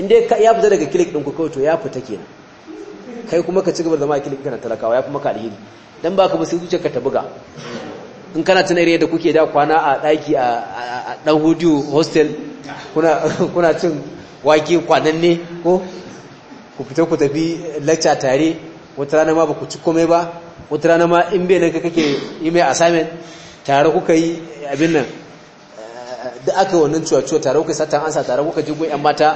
inda ya fita daga kilik ɗin ku kawai to ya fita kenan kai kuma ka ci gaba da zama a kilik kana talakawa ya fi maka alheri don ba ka ba sai ka ta buga in kana tunar yadda kuke da kwana a ɗaki a ɗan hudu hostel kuna cin wake ne ko ku fita ku tafi lacca tare wata rana ma ba ku ci komai ba wata rana ma in bai nan ka kake yi mai assignment tare kuka yi abin nan eh, da aka wannan cuwa-cuwa tare kuka satan ansa tare kuka jigo 'yan mata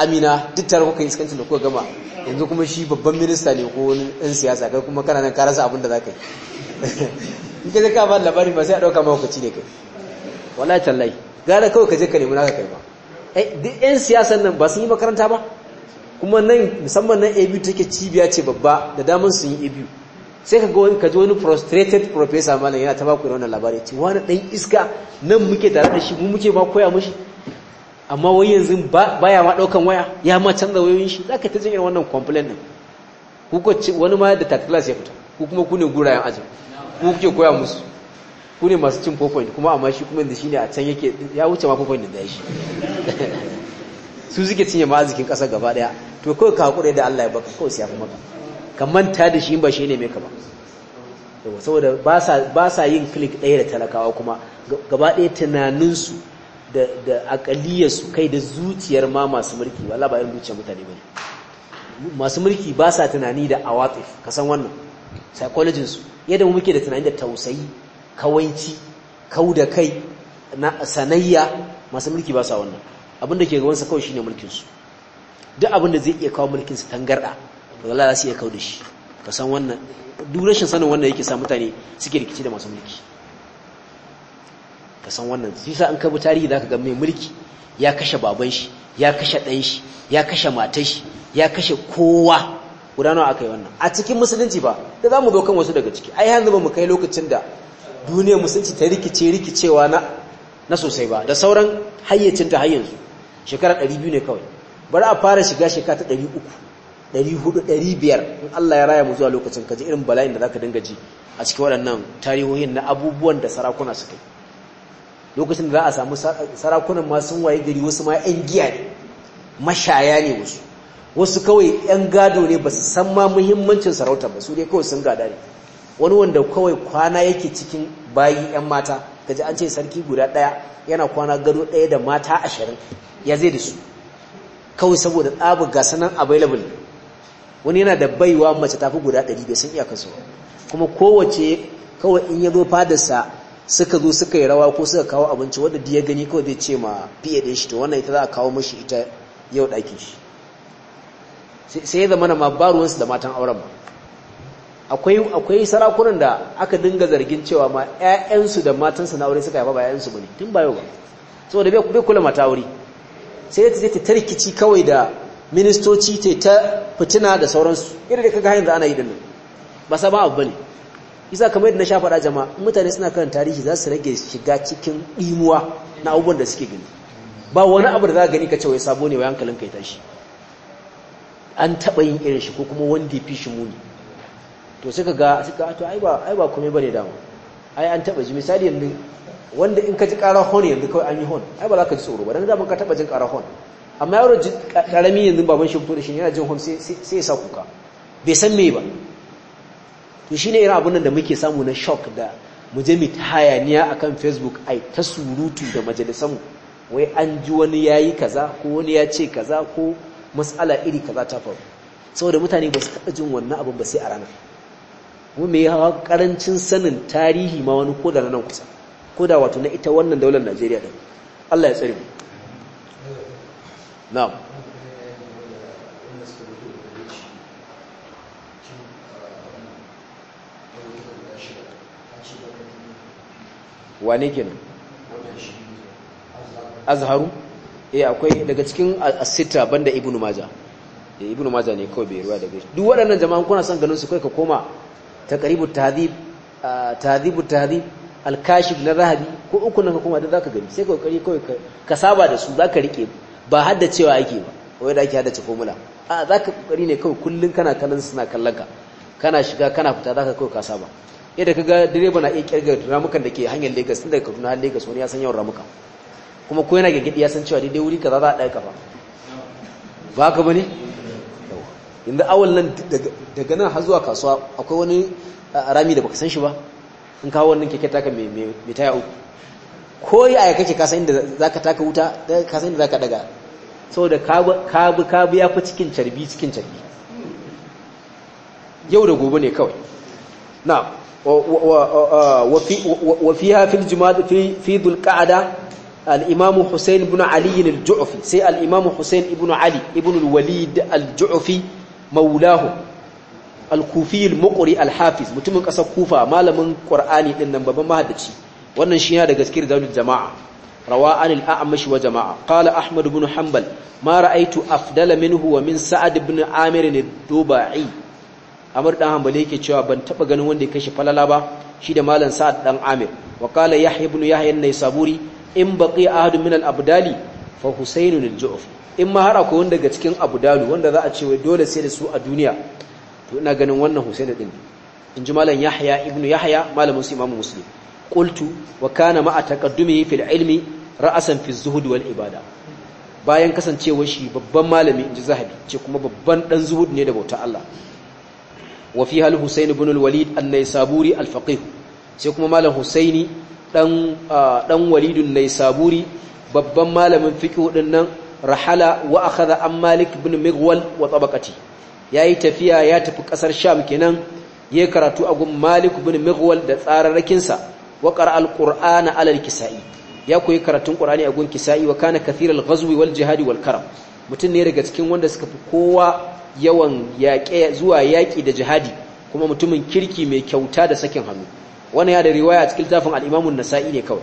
amina duk tare kuka yi iskancin da kuka gama yanzu kuma shi babban minista ne ko wani ɗan siyasa kai kuma kana nan karasa abin da za ka yi in ka zaka ba labari ba sai a ɗauka ci ne kai wallahi tallahi gara kawai ka je ka nemi naka kai ba Eh, duk 'yan siyasan nan ba sun yi makaranta ba kuma nan musamman nan abu take cibiya ce babba da damar sun yi abu sai ka wani kaji wani frustrated professor malam yana ta baku wannan labari ci wani dan iska nan muke tare da shi mu muke ba koya mashi amma wai yanzu ya ma daukan waya ya ma canza wayoyin shi za ka ta jin wannan complaint din ku ko wani ma da ta ya fita ku kuma ku ne gurayen ajin ku kuke koya musu ku ne masu cin 4.0 kuma amma shi kuma yanzu shine a can yake ya wuce ma 4.0 da shi su suke cinye ma azikin ƙasa gaba daya to kawai ka hakuri da Allah ya baka kawai sai ya maka ka manta da shi ba shi ne mai ka ba saboda ba sa yin click ɗaya da talakawa kuma gaba ɗaya tunaninsu da aƙaliyarsu kai da zuciyar ma masu mulki wala ba yin zuciyar mutane ba masu mulki ba sa tunani da awatif ka san wannan psychologinsu yadda muke da tunani da tausayi Kawanci kau da kai na sanayya masu mulki ba sa wannan abin da ke gabansa kawai shine mulkin su duk abin da zai iya kawo mulkin su tangarda to Allah za su iya kawo da shi ka san wannan duk rashin sanin wannan yake sa mutane suke rikici da masu mulki ka san wannan shi sa an kabu tarihi zaka ga mai mulki ya kashe baban shi ya kashe dan shi ya kashe matar shi ya kashe kowa guda nawa aka yi wannan a cikin musulunci ba da za mu zo kan wasu daga ciki ai yanzu ba mu kai lokacin da duniyar musulci ta rikice rikicewa na sosai ba da sauran hayyacinta har yanzu shekara 200 ne kawai bari a fara shiga shekara ta 300 400 500 in Allah ya raya mu zuwa lokacin kaji irin bala'in da zaka dinga ji a cikin waɗannan tarihohin na abubuwan da sarakuna suka yi lokacin da za a samu sarakunan ma sun waye gari wasu ma 'yan giya ne mashaya ne wasu wasu kawai 'yan gado ne ba su san ma muhimmancin sarauta ba su dai kawai sun gada ne wani wanda kawai kwana yake cikin bayi yan mata kaji an ce sarki guda daya yana kwana gado daya da mata ashirin ya zai da su kawai saboda tsabu ga sanan available wani yana da baiwa mace tafi guda ɗari da sun iya ba kuma kowace kawai in ya zo fadarsa suka zo suka yi rawa ko suka kawo abinci wanda ya gani kawai zai ce ma fiye ɗin shi to wannan ita za a kawo mashi ita yau ɗakin shi sai ya zama na ma ba ruwansu da matan auren ba akwai akwai sarakunan da aka dinga zargin cewa ma ƴaƴansu da matansu na aure suka yaba ba ƴaƴansu bane tun bayo ba saboda bai bai kula mata aure sai ta ta tarkici kawai da ministoci ta ta fitina da sauransu irin da kaga hanyar yanzu ana yi dinnan ba sa ba abu bane isa kamar yadda na sha faɗa jama'a mutane suna kan tarihi za su rage shiga cikin ɗimuwa na abubuwan da suke gani ba wani abu da za ka gani ka ce wai sabo ne wai hankalinka ya tashi an taɓa yin irin shi ko kuma wanda ya fi shi muni to suka ga suka to ai ba ai ba komai bane dama ai an taba ji misali yanzu wanda in ka ji karar hon yanzu kawai an yi hon ai ba za ka ji tsoro ba dan da ka taba jin karar hon amma yaro ji karami yanzu baban shi fito da shi yana jin hon sai sai ya sa kuka bai san me ba to shine irin abun nan da muke samu na shock da mu je mu ta hayaniya akan Facebook ai ta surutu da majalisanmu wai an ji wani yayi kaza ko wani ya ce kaza ko mas'ala iri kaza ta faru saboda mutane ba su taɓa jin wannan abin ba sai a ranar mu mai hawa karancin sanin tarihi ma wani koda na nan kusa koda wato na ita wannan daular Najeriya din Allah ya tsare mu na'am wane kenan azharu eh akwai daga cikin asita banda ibnu majah eh, ibnu majah ne kawai bai ruwa daga duk waɗannan jama'an kuna son ganin su kai ka koma taqribu tahdhib tahdhibu tahdhib al-kashif lirahabi ko uku nan kuma da zaka gani sai kokari kai ka saba da su zaka rike ba hadda cewa ake ba wai da ake haddace formula a zaka kokari ne kai kullun kana kallon suna kallon ka kana shiga kana fita zaka kai ka saba yadda kaga direba na iya kirga ramukan da ke hanyar Lagos tun ka Kaduna har Lagos wani ya san yawan ramuka kuma ko yana gaggadi ya san cewa daidai wuri kaza za a ɗaya kafa ba ka bane inda awal nan daga nan har zuwa kasuwa akwai wani rami da baka san shi ba in kawo wannan keke taka mai taya uku ko a kake kasa inda za ka taka wuta kasa inda za ka daga saboda kabu kabu ya fi cikin carbi cikin carbi yau da gobe ne kawai na wafi hafin jima'a fi dulka'ada al'imamu hussein ibn aliyin al-ju'ufi sai al'imamu hussein ibn ali ibn al-walid al-ju'ufi maulahu al-kufi al-muqri al-hafiz mutumin kasar kufa malamin qur'ani din nan babban mahaddaci wannan shi yana da gaskiyar zaulul jama'a rawa anil a'mash wa jama'a qala ahmad ibn hanbal ma ra'aytu afdala minhu wa min sa'ad ibn amir ad-dubai amr dan hanbali yake cewa ban taba ganin wanda ya kashe falala ba shi da malam sa'ad dan amir wa qala yahya ibn yahya an-naysaburi in baqiya ahad min al-abdali fa husaynun al-ju'fi in ma har akwai wanda daga cikin abu dalu wanda za a ce wai dole sai da su a duniya to ina ganin wannan husain din in ji malam yahya ibnu yahya malamin su imamu muslim qultu wa kana ma taqaddumihi fil ilmi ra'asan fi zuhud wal ibada bayan kasancewar shi babban malami in ji zahabi ce kuma babban dan zuhud ne da bauta Allah wa fiha al husain ibn al walid an-naysaburi al faqih sai kuma malam husaini dan ah, dan walidun naysaburi babban malamin fiqh din nan rahala wa akhadha an malik ibn migwal wa tabaqati yayi tafiya ya tafi kasar sham kenan yayi karatu a gun malik ibn migwal da tsararrakin sa wa qara alqur'ana ala alkisai ya koyi karatun qur'ani a gun kisai wa kana kathiral ghazwi wal walkaram wal mutun ne daga cikin wanda suka fi kowa yawan yaƙe zuwa yaƙi da jihadi kuma mutumin kirki mai kyauta da sakin hannu wannan ya da riwaya cikin tafin al-Imam an-Nasa'i ne kawai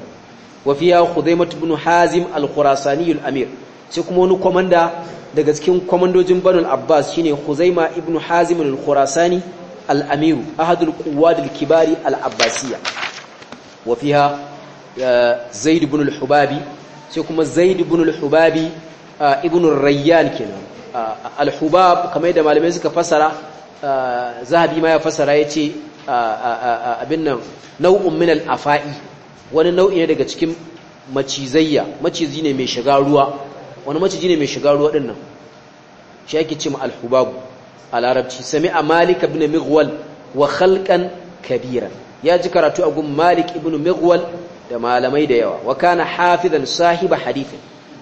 wa fiya Khuzaimah ibn Hazim al-Khurasani al-Amir sai kuma wani kwamanda daga cikin komandojin banul abbas shine huzaima ibn hazim al-khurasani al-amiru ahadul quwad al-kibari al abbasiya wa fiha zaid ibn al-hubabi sai kuma zaid ibn al-hubabi ibn ar-rayyan kenan al-hubab kamar da malamai suka fasara zahabi ma ya fasara yace abin nan nau'un min al-afa'i wani nau'i ne daga cikin macizayya macizi ne mai shiga ruwa wani maciji ne mai shiga ruwa din nan shi ake ce ma al a larabci sami'a malik ibn mighwal wa khalqan kabiran ya ji karatu a gun malik ibn mighwal da malamai da yawa wa kana hafizan sahiba hadith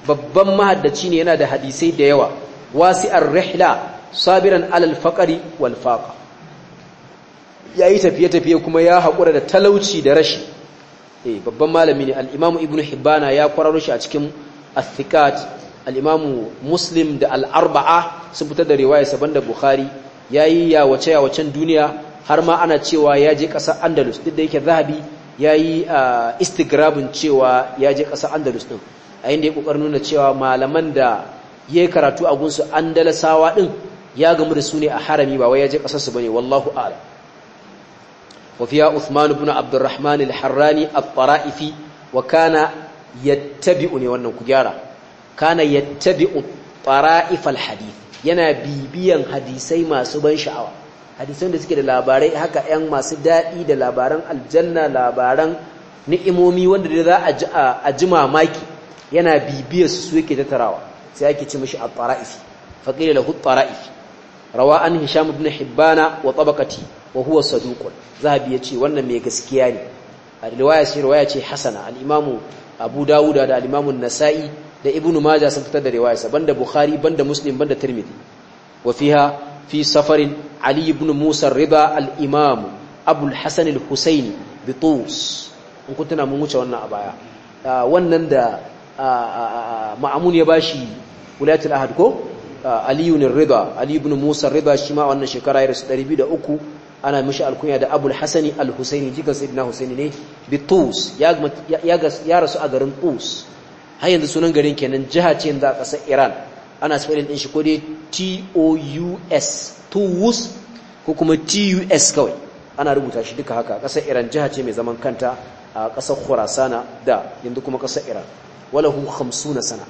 babban mahaddaci ne yana da hadisai da yawa wasi'ar rihla sabiran alal faqri wal faqa tafiye tafiye kuma ya hakura da talauci da rashi eh, babban malami ne alimamu imam ibn hibbana ya kwararo shi a cikin as al'imamu muslim da al'arba'a sun fitar da riwaya saban da bukhari ya yi yawace yawacen duniya har ma ana cewa ya je ƙasa andalus duk da yake zahabi ya yi istigrabin cewa ya je ƙasa andalus ɗin a yin da ya ƙoƙarin nuna cewa malaman da ya yi karatu a gunsu andalasawa ɗin ya gamu da su ne a harami ba wai ya je ƙasarsu ba ne wallahu a'lam وفيها عثمان بن عبد الرحمن الحراني الطرائفي yattabi'u ne wannan ku gyara. kana yattabi'u tara'ifal hadith yana bibiyan hadisai masu ban sha'awa hadisan da suke da labarai haka yan masu daɗi da labaran aljanna labaran ni'imomi wanda da za a ji mamaki yana bibiyar su yake tattarawa sai ake ce mishi at-tara'ifi faqila lahu at-tara'ifi rawa an hisham ibn hibbana wa tabaqati wa huwa saduqun zahabi yace wannan mai gaskiya ne riwaya ce riwaya ce hasana al-imamu abu dawuda da al-imamu an-nasa'i da ibnu majah sun fitar da riwayarsa banda bukhari banda muslim banda tirmidhi wa fiha fi safarin ali ibn musa riba al-imam abul hasan al-husaini bi tus in kun tana mun wuce wannan a baya ah, wannan da ah, ah, ma'amun ya bashi wilayatul ahad ko aliyu ne riba ali ibn musa riba shi ma wannan shekara ya rasu 203 ana mishi alkunya da abul hasani al-husaini jikan sayyidina husaini ne bi tus ya rasu a garin tus har yanzu sunan garin kenan jiha ce yanzu a ƙasar iran ana spelling ɗin shi ko dai t-o-u-s tuwus ko kuma t-u-s kawai ana rubuta shi duka haka ƙasar iran jiha ce mai zaman kanta a ƙasar khurasana da yanzu kuma ƙasar iran walahu hamsuna sana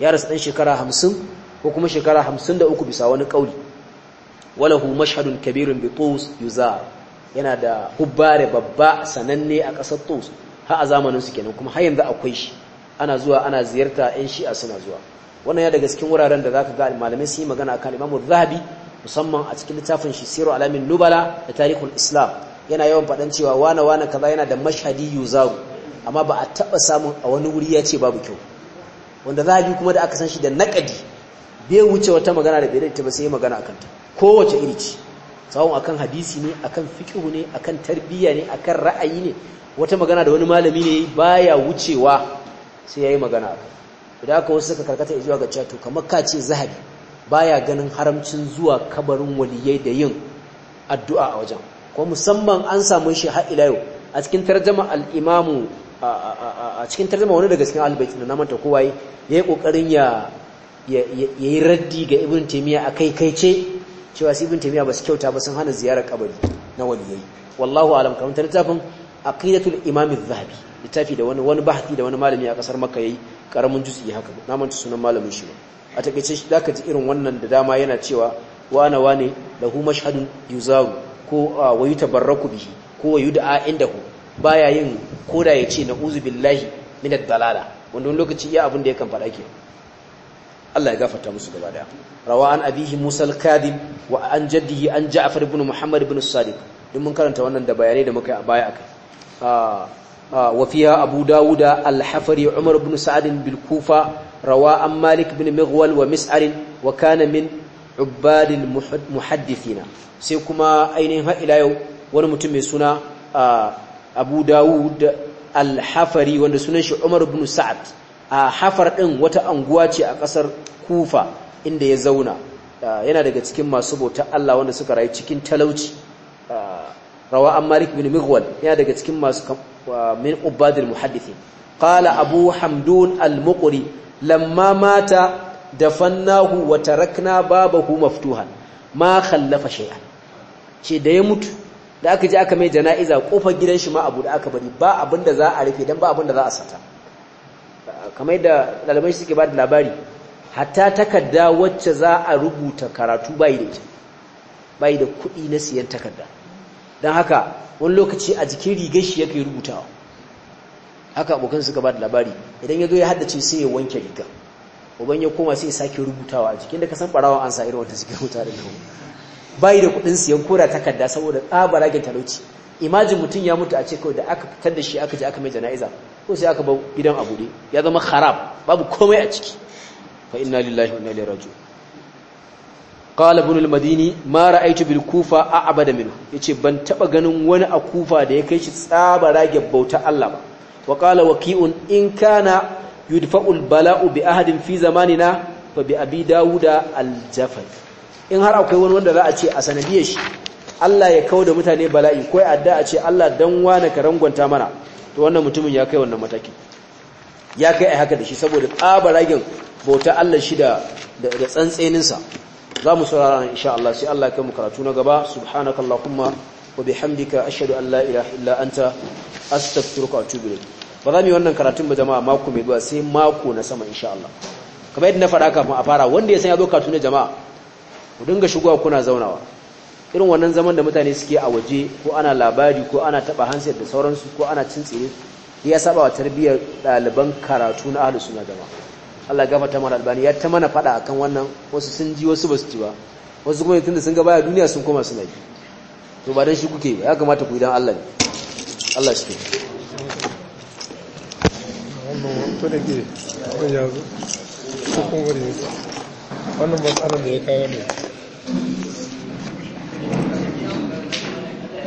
ya rasu ɗan shekara hamsin ko kuma shekara hamsin da uku bisa wani ƙauli walahu mashhadun kabirun bi tus yuza yana da hubbare babba sananne a ƙasar tus har a zamanin su kenan kuma har yanzu akwai shi ana zuwa ana ziyarta yan shi'a suna zuwa wannan ya daga cikin wuraren da za ka ga malamai sun yi magana a kan imamu Zahabi musamman a cikin littafin shi Siru Alamin Nubala da Tarihul Islam yana yawan faɗan cewa wane wane kaza yana da mashhadi yuzaru amma ba a taba samun a wani wuri ya ce babu kyau wanda Zahabi kuma da aka san shi da naƙadi bai wuce wata magana da bai da ba sai magana akan ta kowace iri ce sawon akan hadisi ne akan fiqhu ne akan tarbiyya ne akan ra'ayi ne wata magana da wani malami ne baya wucewa sai ya yi magana a kai idan aka wasu suka karkata zuwa ga cato kamar kace zahabi baya ganin haramcin zuwa kabarin waliyai da yin addu'a a wajen ko musamman an samu shi har ila yau a cikin tarjuma al-imamu a cikin tarjuma wani daga cikin albayt da na manta kowa yayi kokarin ya yayi raddi ga ibn taymiya a kai kai ce cewa su ibn taymiya su kyauta ba sun hana ziyarar kabari na waliyai wallahu alam kamar tarjafin aqidatul imam az-zahabi littafi da wani wani bahati da wani malami a kasar makka yayi karamin juz'i haka na manta sunan malamin shi ba a takeice shi zaka ji irin wannan da dama yana cewa wa ana wane lahu mashhadun yuzaru ko wa yutabarraku bihi ko wa yud'a indahu baya yin koda ya yace na'uzu billahi ad dalala wanda wani lokaci iya abin da yakan faɗa ke Allah ya gafarta musu gaba daya rawa an abihi musal kadim wa an jaddihi an ja'far ibn muhammad ibn sadiq dun mun karanta wannan da bayanai da muka yi a baya akai ah, وفيها أبو داود الحفري عمر بن سعد بالكوفة روى عن مالك بن مغول ومسعر وكان من عباد المحدثين سيكما أينها إلى يوم ونمتم سنة أبو داود الحفري ونسنش عمر بن سعد حفر إن وتأنقواتي أقصر كوفة إن يزونا yana daga cikin masu bauta Allah wanda suka rayu cikin talauci rawa an malik bin migwal yana daga cikin masu min ubadil muhaddithin qala abu hamdun al-muqri lamma mata dafannahu wa tarakna babahu maftuhan ma khallafa ce da ya mutu da aka je aka mai jana'iza kofar gidan shi ma abu da aka bari ba abinda za a rufe dan ba abinda za a sata kamar da dalibai suke ba da labari hatta takarda wacce za a rubuta karatu bai da ita bai da kuɗi na siyan takarda don haka wani lokaci a jikin rigar shi kai rubutawa haka abokan suka ba da labari idan ya zo ya haddace sai ya wanke riga uban ya koma sai ya sake rubutawa a jikin da ka san barawa an sa irin wata suke rubuta da kawo bayi da kuɗin siyan kora takarda saboda tsabara ga talauci imajin mutum ya mutu a ce kawai da aka fitar da shi aka je aka mai jana'iza ko sai aka bar gidan a ne ya zama kharab babu komai a ciki fa inna lillahi wa inna ilaihi raji'un qala ibn al-madini ma ra'aytu bil kufa a'bada minhu yace ban taɓa ganin wani a kufa da ya kai shi tsaba rage bauta Allah ba wa qala waqi'un in kana yudfa'u al-bala'u bi ahadin fi zamanina fa bi abi dauda al-jafari in har akwai wani wanda za a ce a sanadiyar shi Allah ya kawo da mutane bala'i ko adda a ce Allah dan wane ka rangwanta mana to wannan mutumin ya kai wannan mataki ya kai a haka da shi saboda tsaba ragen bauta Allah shi da da tsantseninsa za mu saurara in sha Allah sai Allah ya kai mu karatu na gaba allahumma wa bihamdika ashhadu an la ilaha illa anta astaghfiruka wa atubu ilayk ba za mu yi wannan karatun ba jama'a mako mai zuwa sai mako na sama sha Allah kamar yadda na faɗa kafin a fara wanda ya san ya zo karatu na jama'a ku dinga shigowa kuna zaunawa irin wannan zaman da mutane suke a waje ko ana labari ko ana taba hansar da sauransu ko ana cin tsire ya saba wa tarbiyyar ɗaliban karatu na ahlus sunna jama'a Allah gafarta mana albani ya ta mana fada akan wannan wasu sun ji wasu basu ji ba wasu kuma tunda sun ga baya duniya sun koma suna yi to ba dan shi kuke ba ya kamata ku idan Allah ne Allah shi ke wannan matsalar da ya kawo ne